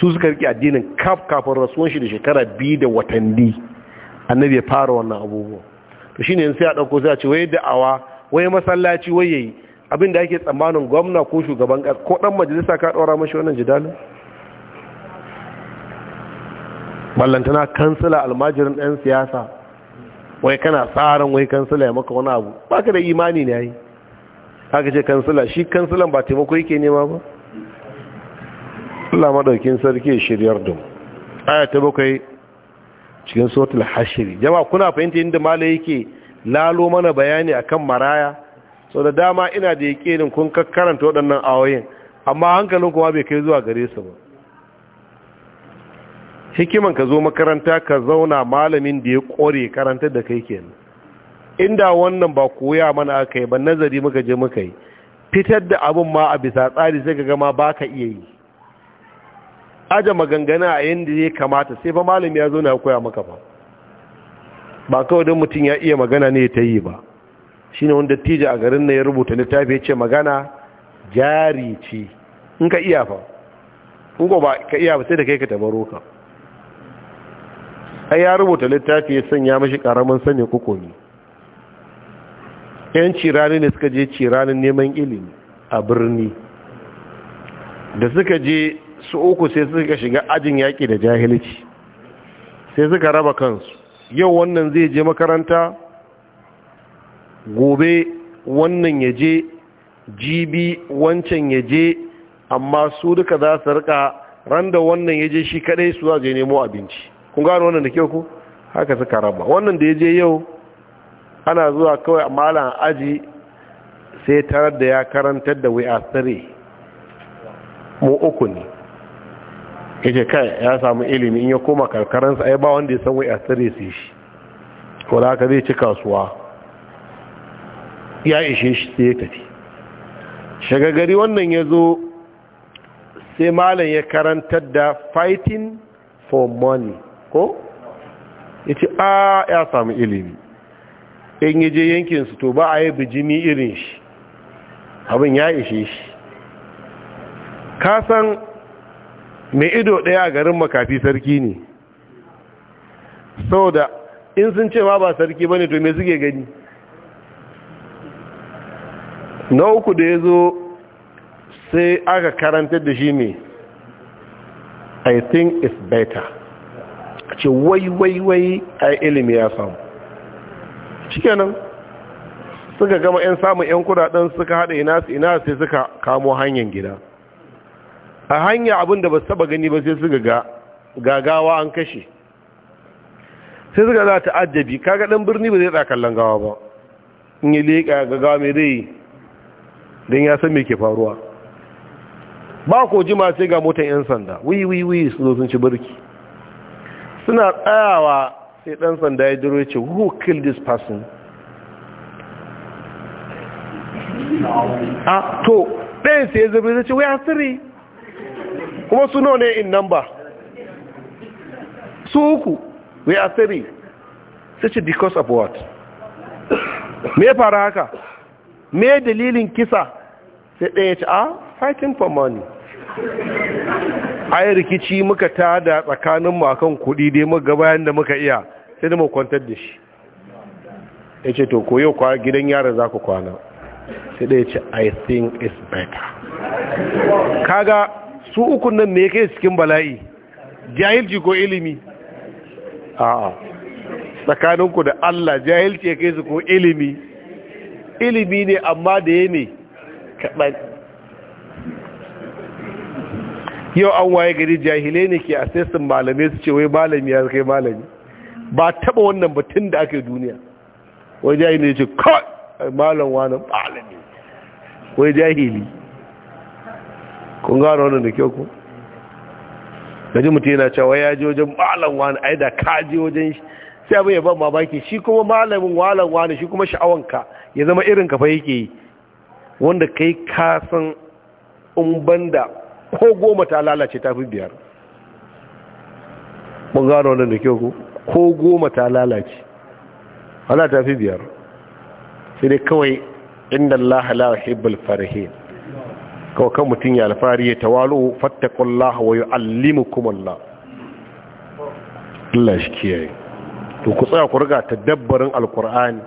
su suka rike addinin kaf kafin rasuwan shi da shekara biyu da watanni annabi ya fara wannan abubuwa to shine sai a dauko sai a ce wai da'awa wai masallaci wai abin da ake tsammanin gwamna ko shugaban ko dan majalisa ka daura mashi wannan jidalin ballantana kansila almajirin ɗan siyasa wai kana tsarin wai kansila ya maka wani abu ba ka da imani ne yi haka ce kansila shi kansilan ba taimako yake nema ba Allah madaukin sarki shiryar dum aya ta bakwai cikin suratul hashiri jama'a kuna fahimta inda malai yake lalo mana bayani akan maraya so da dama ina da nin kun karanta waɗannan ayoyin amma hankalin kuma bai kai zuwa gare su ba hikiman ka zo makaranta ka zauna malamin da ya kore karantar da kai kenan inda wannan ba koya mana aka yi ba nazari muka je muka yi fitar da abin ma a bisa tsari sai ka gama ba ka iya yi aja magangana a yadda ya kamata sai ba malami ya zo na koya maka ba ba kawai don mutum ya iya magana ne ta yi ba shi ne wanda tija a garin na ya rubuta littafi ya ce magana jari ce in ka iya fa in ba ka iya ba sai da kai ka tabaro ka ai ya rubuta littafi ya sanya mashi karamin sanya kukuni yan cirani ne suka je ciranin neman ilimi a birni da suka je su uku sai suka shiga ajin yaƙi da jahilci sai suka raba kansu yau wannan zai je makaranta gobe wannan ya je jibi wancan ya je amma su duka za su rika ran da wannan ya je shi kadai su za je nemo abinci kun gano wannan da kyau ku haka suka raba wannan da ya je yau ana zuwa kawai a malam aji sai tarar da ya karantar da we are mu uku ne yake kai ya samu ilimi in ya koma karkaransa ai ba wanda ya san we are su shi ko da haka zai ci kasuwa ya ishe shi sai ya tafi shagagari wannan ya zo sai malam ya karantar da fighting for money ko ya ce a ah, ya samu ilimi in yi je yankinsu to ba a yi bijimi irin shi abin ya ishe shi kasan mai ido ɗaya a garin makafi sarki ne Sau da in sun ce ma ba sarki ba ne to me suke gani na uku da ya zo sai aka karantar da shi mai i think it's better ce wai wai wai a ilimi ya samu shikenan suka gama yan samun yan kudaden suka haɗa ina su ina sai suka kamo hanyar gida a hanya abin da ba su taba gani ba sai suka ga gagawa an kashe sai suka za ta ajabi kaga ɗan birni ba zai tsaya kallon gawa ba in yi leƙa gagawa mai rai don ya san me ke faruwa ba ko jima sai ga motan yan sanda wiwi wiwi su zo sun ci birki suna tsayawa sai dan sanda ya duro ce who killed this person a ah, to ɗayan sai ya zabi ya ce we are three kuma su nawa ne in number su uku we are three sai ce because of what me fara haka me dalilin kisa sai ɗaya ya ce a ah, fighting for money ai rikici muka tada tsakanin mu akan kuɗi dai muka bayan da muka iya sai da mu kwantar da shi ya ce to koyo kwa gidan yara za ku kwana sai da ya ce i think it's better kaga su uku nan me kai cikin bala'i jahilci ko ilimi a'a tsakaninku da Allah jahilci ya kai su ko ilimi ilimi ne amma da ya ne kaɗan yau an waye gari jahilai ne ke a sun malamai su ce wai malami ya kai malami ba taba wannan batun da aka yi duniya wai jahili ne ce kawai malam wani malami wai jahili kun gano wannan da kyau ku gaji mutu yana cewa ya ji wajen malam wani ai da ka ji wajen shi sai abin ya ban mamaki shi kuma malamin walan wani shi kuma sha'awanka ya zama irin kafa yake yi wanda kai kasan umban banda. ko goma ta lalace ta fi biyar mun gano wannan da kyau ko goma ta lalace ana ta fi biyar sai dai kawai inda Allah la yuhibbul farihin kawai kan mutum ya alfari ya tawalu fattaqullaha wa yuallimukum Allah Allah shi kiyaye to ku tsaya ku riga tadabbarin alqur'ani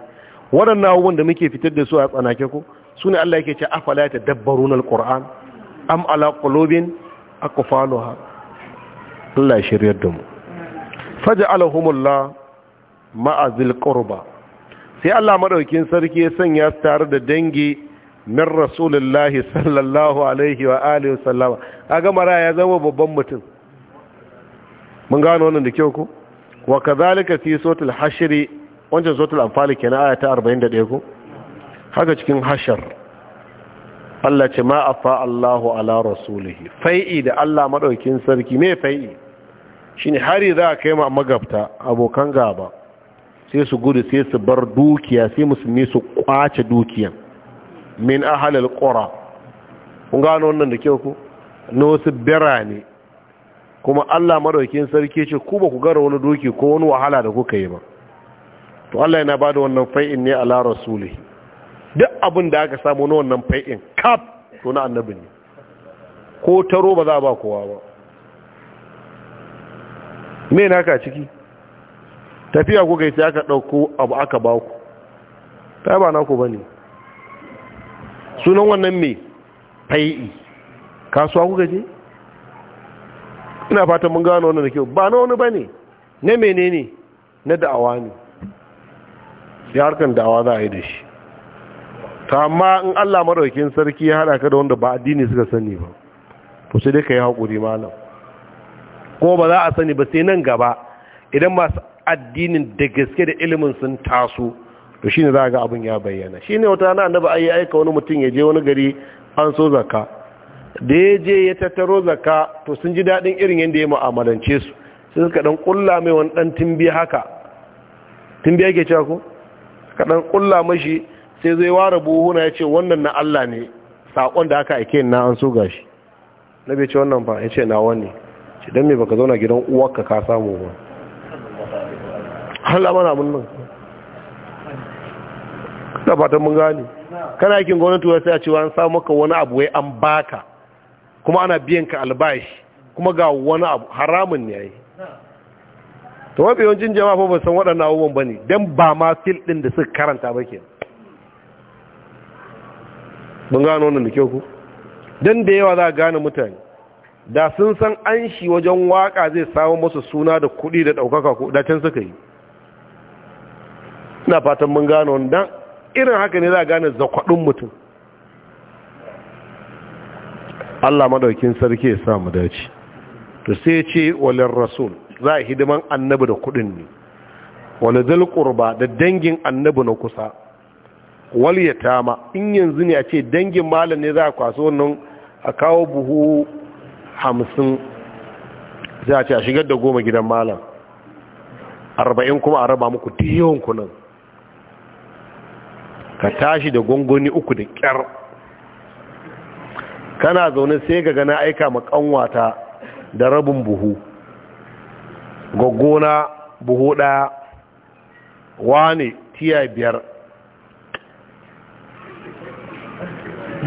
waɗannan abubuwan da muke fitar da su a tsanake ku sune Allah yake ce afala tadabbaruna alqur'an am ala qulubin aqfaluha Allah shiryar da mu faj'alahumullah ma'azil qurba sai Allah madaukin sarki ya sanya su tare da dangi min rasulullahi sallallahu alaihi wa alihi A gama mara ya zama babban mutum mun gano wannan da kyau ko wa kadhalika fi suratul hashr wancan suratul anfal kenan aya ta 41 ko haka cikin hashar Allah ce ma fa Allahu ala rasulihi fai'i da Allah maɗaukin sarki me fai'i ne hari za a kai ma magabta abokan gaba sai su gudu sai su bar dukiya sai musulmi su kwace dukiya? min halal qura kun gano wannan da kyau ku na wasu birane kuma Allah maɗaukin sarki ce ku ba ku gara wani duki ko wani wahala da kuka yi ba to Allah yana bada wannan fai'in ne ala rasulihi duk abin da aka samu na wannan fai'in kaf to na annabi ne ko taro ba za a ba kowa ba me na ka ciki tafiya ku gaita aka ɗauko abu aka ba ku ta ba na ku ba ne sunan wannan me fai'i kasuwa ku gaje ina fatan mun gano wannan da kyau ba na wani ba ne na menene na da'awa ne ya harkar da'awa za a yi da shi ta amma in Allah maraukin sarki ya hada ka da wanda ba addini suka sani ba to sai dai ka yi haƙuri malam ko ba za a sani ba sai nan gaba idan masu addinin da gaske da ilimin sun taso to shine za ga abin ya bayyana shine wata na annabi ayi aika wani mutum ya je wani gari an so zakka da ya je ya tattaro zakka to sun ji daɗin irin yanda ya mu'amalance su sai suka dan kulla mai wani dan timbi haka timbi yake cewa ko ka dan kulla mashi sai zai ware buhuna ya ce wannan na Allah ne saƙon da aka aike na an so gashi na bai ce wannan ba ya ce na wani ce don me baka zauna gidan uwaka ka samu ba hala mana mun nan da fatan mun gane kana aikin gwamnati wai sai a cewa an samu maka wani abu wai an baka kuma ana biyan ka albashi kuma ga wani abu haramun ne yayi to mafi yawancin jama'a ba san waɗannan abubuwan ba ne don ba ma fil din da suka karanta ba kenan mun gano wannan da kyau ku dan da yawa za a gane mutane da sun san an shi wajen waka zai samu masu suna da kuɗi da ɗaukaka da can suka yi ina fatan mun gano wannan irin haka ne za a gane zakwaɗin mutum Allah madaukin sarki ya sa mu dace to sai ya ce walin rasul za a hidiman annabi da kuɗin ne wani zalƙurba da dangin annabi na kusa wal ma in yanzu ne a ce dangin malam ne za a kwaso nan a kawo buhu hamsin za a ce a shigar da goma gidan malam arba'in kuma a raba muku yawan kunan ka tashi da gungoni uku da kyar kana zaune sai ga gana aika makanwata da rabin buhu gaggona buhu ɗaya wane tiya biyar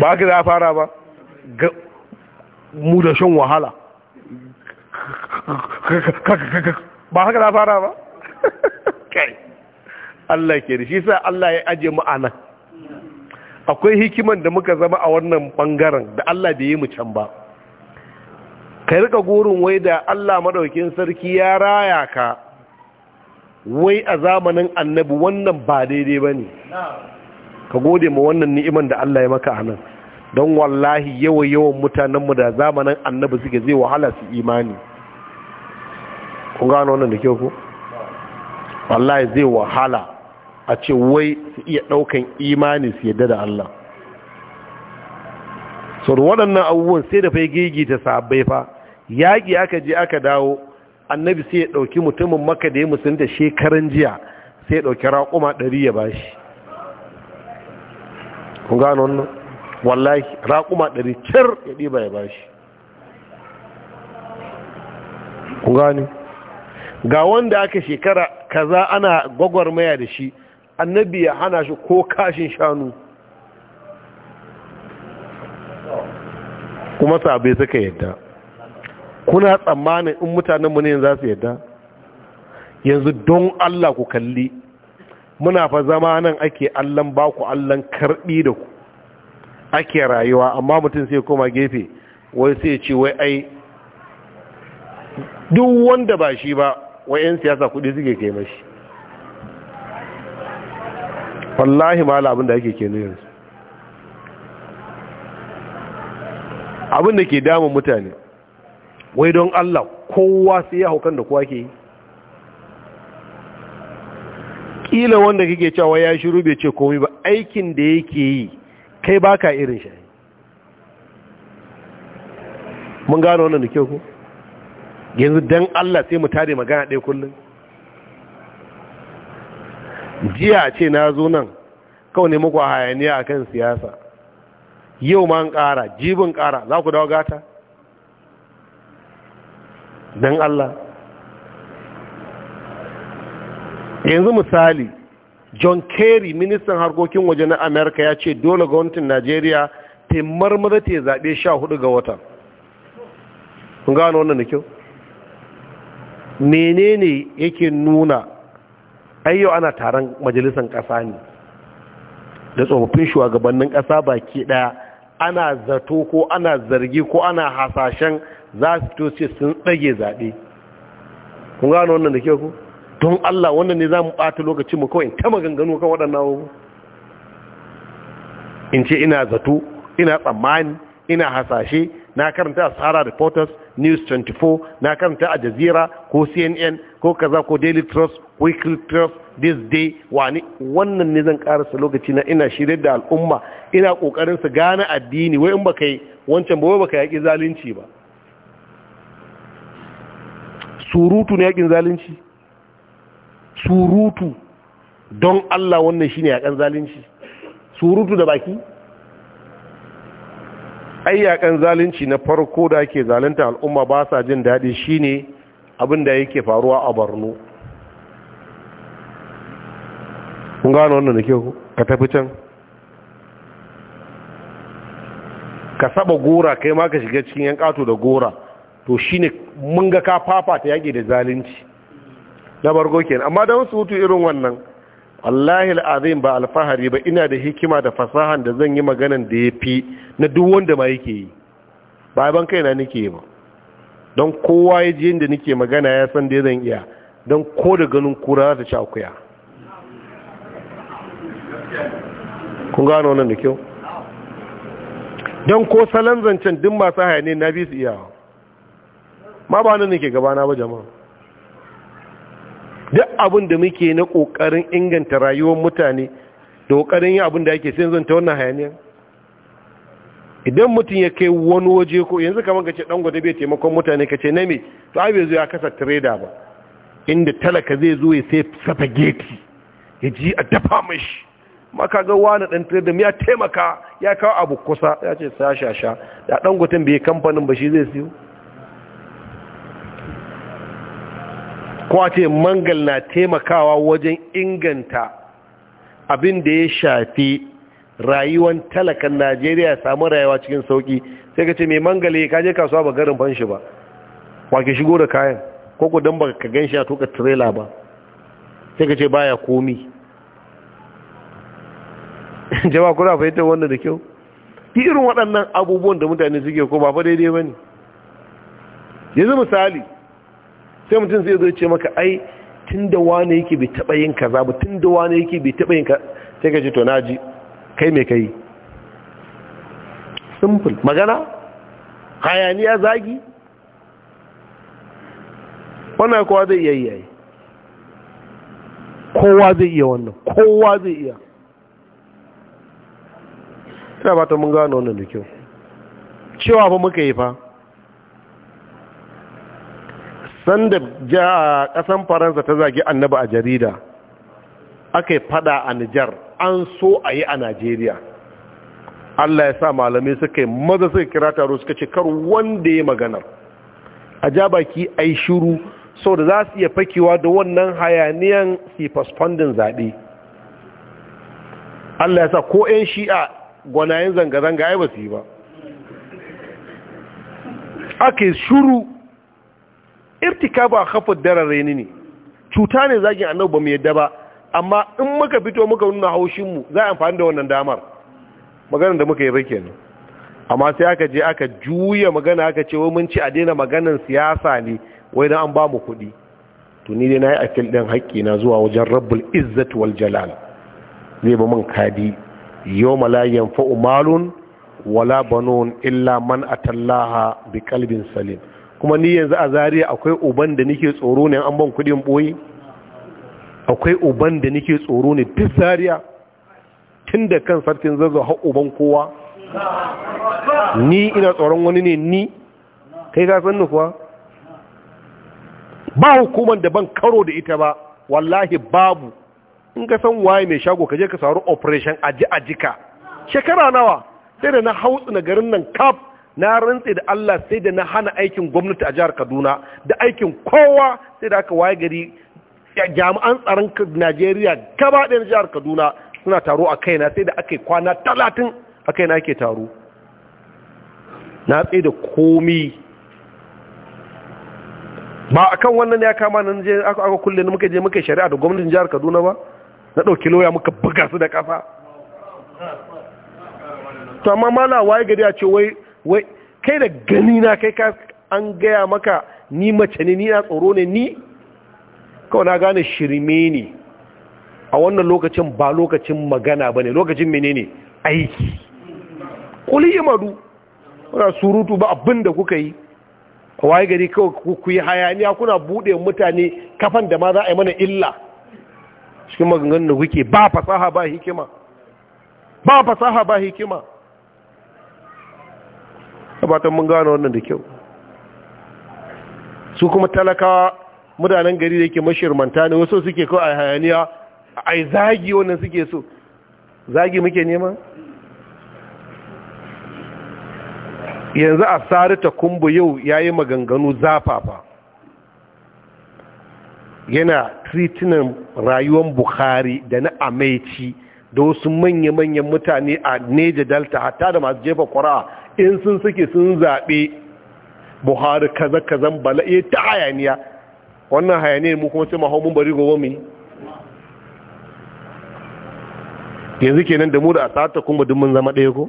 ba haka za a fara ba mu da shan wahala ba haka za a fara ba kai Allah ke da shi sa Allah ya ajiye mu anan akwai hikiman da muka zama a wannan bangaren da Allah bai yi mu can ba ka rika gorin wai da Allah madaukin sarki ya raya ka wai a zamanin annabi wannan ba daidai ba ne ka gode ma wannan ni'iman da Allah ya maka a nan don wallahi yawan yawan mutanenmu da zamanin annabi suke zai wahala su imani kun gano wannan da kyau ku wallahi zai wahala a ce wai su iya ɗaukan imani su yadda da Allah sau waɗannan abubuwan sai da fai ta sabai fa yaƙi aka je aka dawo annabi sai ya ɗauki mutumin maka da ya musulunta shekaran jiya sai ya ɗauki raƙuma ɗari ya bashi Ku gano wannan wallahi raƙuma ɗari cir ya ɗiba ya bashi ku gani ga wanda aka shekara kaza ana gwagwarmaya da shi annabi ya hana shi ko kashin shanu kuma sabai suka yadda kuna tsammanin in mutanenmu ne za su yadda yanzu don Allah ku kalli muna fa zama nan ake allan baku allan karbi da ku ake rayuwa amma mutum sai koma gefe wai sai ce wai ai duk wanda ba shi ba wai 'yan siyasa kudi suke kai mashi wallahi ma abin da ake kenan yanzu abin da ke damun mutane wai don Allah kowa sai ya haukan da kowa ke yi kila wanda kake cewa ya shiru bai ce komai ba aikin da yake yi kai baka irin shi mun gano wannan da ku yanzu dan Allah sai mu tare magana ɗaya kullum jiya ce na zo nan kawai ne muku hayaniya akan siyasa yau ma kara ƙara jibin ƙara za ku dawo gata dan Allah yanzu misali john kerry ministan harkokin waje na amerika ya ce dole gwamnatin najeriya ta marmara ta zaɓe sha hudu ga watan kun gano wannan da kyau menene yake nuna ayyau ana taron majalisar ƙasa ne da tsofaffin shugabannin ƙasa baki ɗaya ana zato ko ana zargi ko ana hasashen za su to ce sun ɗage zaɓe kun gano wannan da kyau ku don Allah wannan ne za mu ɓata lokaci mu kawai ta maganganu kan waɗannan abubu in ce ina zato ina tsammani ina hasashe na karanta a sahara reporters news 24 na karanta a jazira ko cnn ko kaza ko daily trust weekly trust this day wani wannan ne zan karasa lokaci na ina shirye da al'umma ina kokarin su gane addini wai in baka wancan ba wai baka yaki zalunci ba surutu na yakin zalunci surutu don Allah wannan shine yakan zalunci surutu da baki Ai yaƙan zalunci na farko da ake zalunta al'umma ba sa jin daɗi shi abin da yake faruwa a Borno kun gano wannan da ke ka tafi can ka saba gora kai ma ka shiga cikin yan kato da gora to ne mun ga ka fafata yaƙi da zalunci na bargo kenan amma don hutu irin wannan wallahi al'azim ba alfahari ba ina da hikima da fasahan da zan yi maganan da ya fi na duk wanda ma yake yi ba ban na nake ba don kowa ya ji yadda nake magana ya san da zan iya don ko da ganin kura za ta sha kuya kun gano nan da kyau don ko salon zancen duk masu hayanin na bi su iyawa ma ba nan nake gabana ba jama'a duk abin da muke na kokarin inganta rayuwar mutane da kokarin yin abin da ake sai zan ta wannan hayaniya idan mutum ya kai wani waje ko yanzu kamar ka ce dan gwada bai taimakon mutane ka ce na me to ai bai zo ya kasa trader ba inda talaka zai zo ya sai safa geti ya ji a dafa mashi maka ga wani dan trader ya taimaka ya kawo abu kusa ya ce sha sha da dan gwatan bai kamfanin ba shi zai siyo ko mangal na taimakawa wajen inganta abin da ya shafi rayuwan talakan najeriya samun rayuwa cikin sauki sai ka ce mai mangal ya eh, kaje kasuwa ba garin fanshi ba wake shigo da kayan ko ku don ba ka gan shi a tuka tirela ba sai ka ce baya komi jama'a kuna fahimtar wannan da kyau fi irin waɗannan abubuwan da mutane suke ko ba fa daidai ba ne yanzu misali sai mutum zai zo ce maka ai tun da wane yake bai taɓa yin kaza ba tun da wane yake bai taɓa yin kaza sai ka ce to naji kai mai kai simple magana hayaniya zagi wannan kowa zai iya yi kowa zai iya wannan kowa zai iya ina ba ta mun gano wannan da kyau cewa ba muka yi fa sanda ja kasan faransa ta zagi annaba a jarida aka yi fada a nijar an so a yi a najeriya allah ya sa malamai suka yi maza suka kira taro suka ce kar wanda ya maganar a ja baki a yi shuru sau da za su iya fakewa da wannan hayaniyan fasfandin zaɓe allah ya sa ko 'yan shi'a gwanayen zanga-zanga ya ba su yi ba ake shuru irtikabu a kafa reni ne cuta ne zagin annabi ba mu yadda ba amma in muka fito muka nuna haushin mu za a amfani da wannan damar maganar da muka yi ba ne amma sai aka je aka juya magana aka ce wai mun ci a daina maganar siyasa ne wai dan an ba mu kuɗi to ni dai na yi a akil ɗin haƙƙi na zuwa wajen rabbul izzat wal jalal zai ba man kadi yau malayan fa'u malun wala banon illa man atallaha bi kalbin salim kuma ni yanzu a zariya akwai uban da nake tsoro ne an ban kudin boye akwai uban da nake tsoro ne duk zariya tun da kan sarkin zazzau har uban kowa ni ina tsoron wani ne ni kai ka san kuwa ba hukumar da ban karo da ita ba wallahi babu in ka san waye mai shago ka je ka saru operation aji ajika shekara nawa sai da na hautsu na garin nan kaf na rantse da Allah sai da na hana aikin gwamnati a jihar Kaduna da aikin kowa sai da aka waye gari jami'an tsaron Najeriya gaba ɗaya jihar Kaduna suna taro a kaina sai da aka yi kwana talatin a kaina ake taro na tsaye da komi ba a kan wannan ya kama nan je aka kulle muka je muka shari'a da gwamnatin jihar Kaduna ba na ɗauki loya muka buga su da kafa to amma mana waye gari a ce wai wai kai da gani na kai ka an gaya maka ni mace ne ni na tsoro ne ni kawai na gane shirme ne a wannan lokacin ba lokacin magana ba ne lokacin menene aiki kuli imadu kuna surutu ba abin da kuka yi waye gari kawai ku kuyi hayaniya kuna buɗe mutane kafan da ma za a yi mana illa cikin maganganun da kuke ba fasaha ba hikima ba fasaha ba hikima abatan mun gano wannan da kyau su kuma talakawa mudanen gari da yake mashirmanta ne wasu suke kawo a hayaniya a zagi wannan suke so zagi muke nema yanzu a sarita kumbu yau ya yi maganganu zafafa yana tritinan rayuwar bukhari da na amaici da wasu manya-manyan mutane a neja delta hatta da masu jefa kwara in sun suke sun zaɓe buhari kaza kazan bala iya eh, ta hayaniya wannan hayaniyar mu kuma sai mahau mun bari gobe mu yanzu kenan da mu da asata kuma duk mun zama ɗaya ko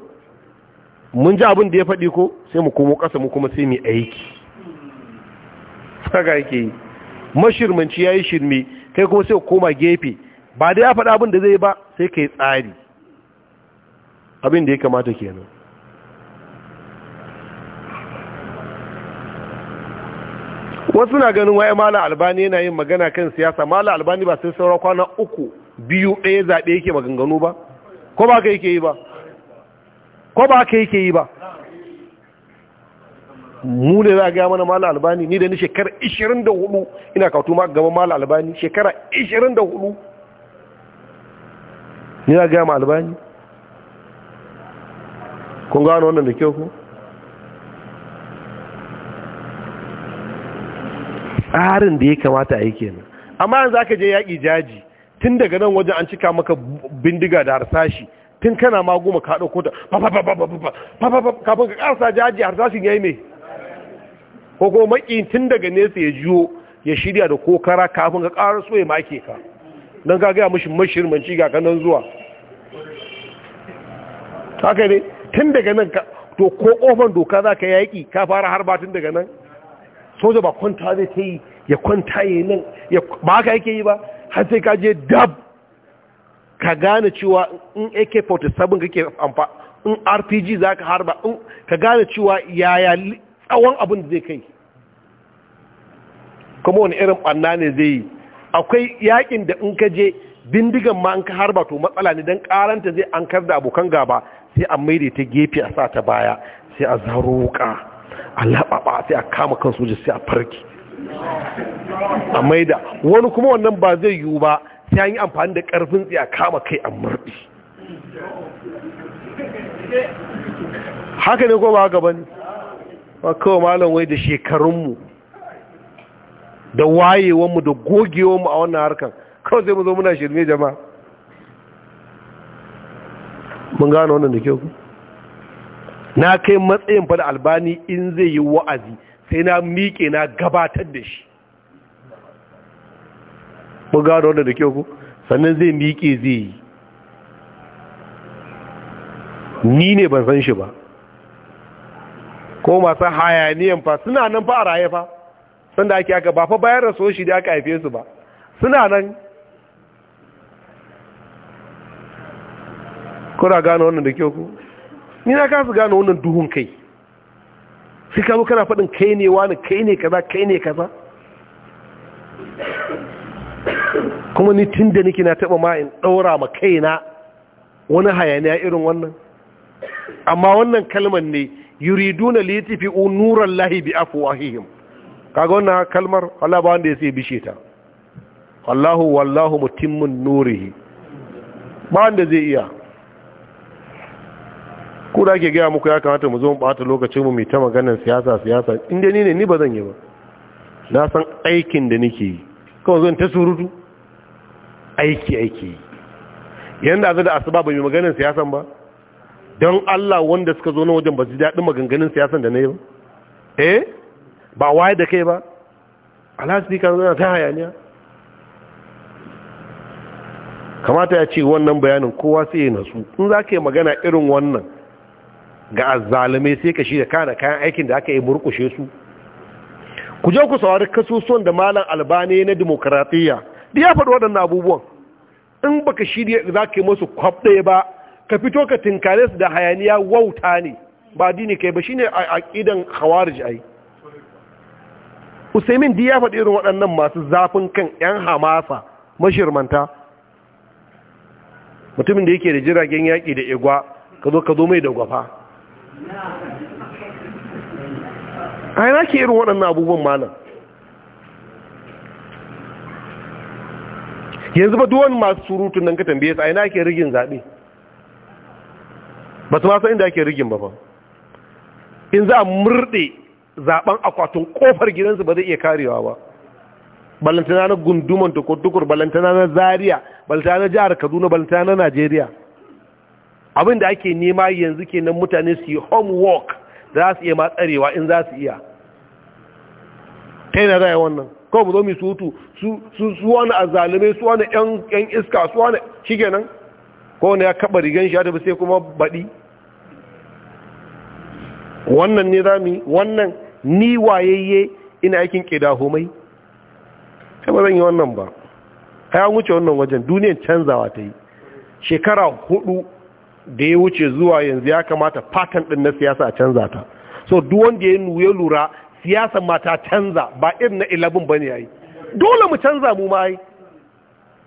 mun ji abin da ya faɗi ko sai mu komo ƙasa mu kuma sai mu aiki saka yake yi mashirmanci ya yi shirme kai kuma sai koma gefe ba da ya faɗa abin da zai ba sai ka yi tsari abin da ya kamata kenan wasu na ganin waye mala albani yana yin magana kan siyasa mala albani ba sai saura kwana uku biyu ɗaya zaɓe yake maganganu ba ko ba ka yake yi ba ko ba ka yake yi ba mu ne za a gaya mana mala albani ni da ni shekara 24 ina kautu ma gaban mala albani shekara 24 ni za a gaya ma albani kun gano wannan da kyau ku tsarin da ya kamata a yi kenan amma yanzu aka je yaƙi jaji tun daga nan wajen an cika maka bindiga da harsashi tun kana ma goma ka ɗauko ta kafin ka ƙarsa jaji harsashin ya yi mai ko kuma maƙi tun daga nesa ya jiyo ya shirya da kokara kafin ka ƙara ya make ka don ka gaya mashi mashirmanci ga kanan zuwa haka ne tun daga nan to ko ƙofan doka za ka yaƙi ka fara harba tun daga nan soja ba kwanta zai ta yi ya kwanta yi nan ba haka yake yi ba har sai ka je dab ka gane cewa in ak-47 kake amfa in rpg za ka harba ka gane cewa yaya tsawon abin da zai kai kuma wani irin ɓanna ne zai yi akwai yakin da in ka je bindigan ma in ka harba to matsala ne don karanta zai an kar da abokan gaba sai a maida ta gefe a sa ta baya sai a zaro wuka a sai a kama kan soja sai a farki a maida wani kuma wannan ba zai yiwu ba sai an yi amfani da ƙarfin tsaye a kama kai a murɗi haka ne ko ba gaban kawo malon wai da shekarunmu da wayewanmu da gogewanmu a wannan harkar kawai sai mu zo muna shirme jama'a mun gano wannan da kyau na kai matsayin fa da albani in zai yi wa'azi sai na miƙe na gabatar da shi mu gano wanda da kyau ku sannan zai miƙe zai yi ni ne ban san shi ba ko masu hayaniyan fa suna nan fa a raye fa sanda ake aka ba fa bayar da soshi da aka haife su ba suna nan kura gano wannan da kyau ku ni na kasu gane wannan duhun kai sai ka zo kana faɗin kai ne wani kai ne kaza kai ne kaza kuma ni tun da nake na taɓa ma in ɗaura ma kaina wani hayaniya irin wannan amma wannan kalmar ne yuriduna Duna litifi nuran lahi bi afu afwahihim kaga wannan kalmar Allah ba wanda ya sai bishe ta wallahu wallahu mutumin nurihi ba wanda zai iya ko da ke gaya muku ya kamata mu zo mu bata lokacin mu mai ta maganar siyasa siyasa in dai ni ne ni ba zan yi ba na san aikin da nake yi kawai zan ta surutu aiki aiki yanda za da asuba ba mai maganar siyasan ba don Allah wanda suka zo na wajen ba su daɗin maganganun siyasan da na yi ba eh ba waye da kai ba alhassi kan zana ta hayaniya kamata ya ce wannan bayanin kowa sai ya nasu in za ka yi magana irin wannan ga azzalumai sai ka shirya kana kayan aikin da aka yi burkushe su ku je ku saurari kasusuwan da malam albani na demokratiya da ya faɗi waɗannan abubuwan in baka shirya za ka yi masu kwab ba ka fito ka tinkare su da hayaniya wauta ne ba dini kai ba shine a aqidan khawarij ai Usaimin di ya faɗi irin waɗannan masu zafin kan 'yan hamasa mashirmanta mutumin da yake da jiragen yaƙi da igwa ka zo ka zo mai da gwafa a yana ke irin waɗannan abubuwan malam yanzu ba duwan masu surutun nan ka tambaye su a yana ke rigin zaɓe ba su masu inda ake rigin ba ba in za a murɗe zaɓen akwatin ƙofar gidansu ba zai iya karewa ba ballantana na gunduman tukur-tukur ballantana na zariya ballantana na jihar kaduna ballantana na najeriya abin da ake nema yanzu ke nan mutane su yi homework za su iya matsarewa in za su iya ta yi na zai wannan kawai mu zo mai sutu su wani azalume su wani yan iska su wani shi nan. kawai ya kaɓa rigan shi ya tafi sai kuma baɗi wannan ne za mu wannan ni wayayye ina aikin ƙeda homai sai ba zan yi wannan ba ai wuce wannan wajen duniyan canzawa ta yi shekara hudu da ya wuce zuwa yanzu ya kamata fatan ɗin na siyasa a canza ta so duk wanda ya nuye lura siyasa ma ta canza ba irin na ilabin ba ne ya yi dole mu canza mu ma yi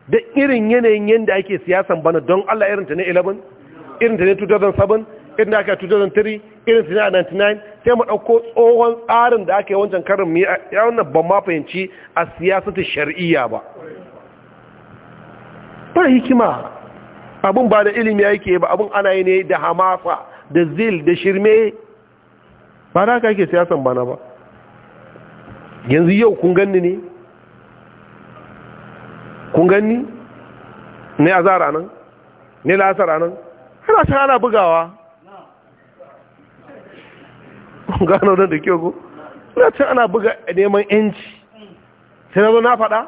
da irin yanayin yadda ake siyasan bana don allah irin ta na ilabin irin ta na 2007 irin da aka 2003 irin ta na 99 sai mu ɗauko tsohon tsarin da aka yi wancan karin mu ya wannan ban ma fahimci a ta shari'iyya ba ba hikima abun ba da ilimi yake ba abun ana yi ne da hamasa da zil da shirme ba da haka yake siyasan bana ba yanzu yau kun ganni ne kun ganni ne a zara nan ne lasara nan ana ta ana bugawa gano nan da kyau ko ana ta ana buga neman yanci sai na zo na faɗa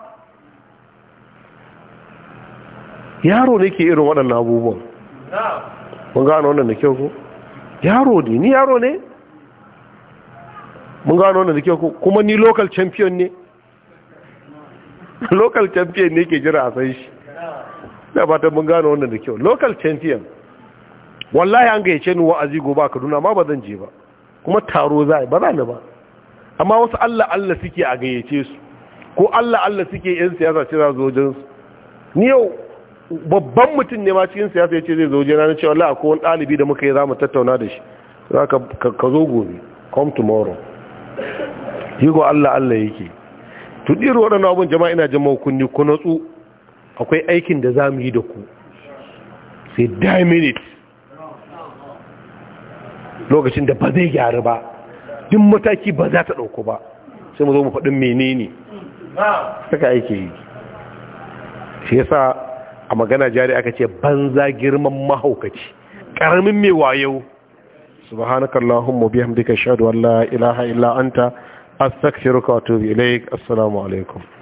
yaro ne ke irin waɗannan abubuwan mun gano wannan da kyau ko yaro ne ni yaro ne mun gano wannan da kyau ko kuma ni local champion ne local champion ne ke jira a san shi da fatan mun gano wannan da kyau local champion wallahi an gayyace ni wa'azi gobe a Kaduna ma ba zan je ba kuma taro za ba za ni ba amma wasu Allah Allah suke a gayyace su ko Allah Allah suke yan siyasa zo zojin su ni yau babban mutum ne ma cikin siyasa ya ce zai zo jena na cewa Allah ko wani ɗalibi da muka yi za mu tattauna da shi za ka zo gobe come tomorrow yi ko Allah Allah yake to ɗiri waɗannan abin jama'a ina jama'a kunni ku natsu akwai aikin da za mu yi da ku sai die minute lokacin da ba zai gyaru ba duk mataki ba za ta ɗauku ba sai mu zo mu faɗin menene suka aiki yi shi yasa a magana jari aka ce banza girman mahaukaci karamin mai wayo subhanakallahumma bihamdika ashhadu an la ilaha illa anta astaghfiruka wa atubu ilaik assalamu alaikum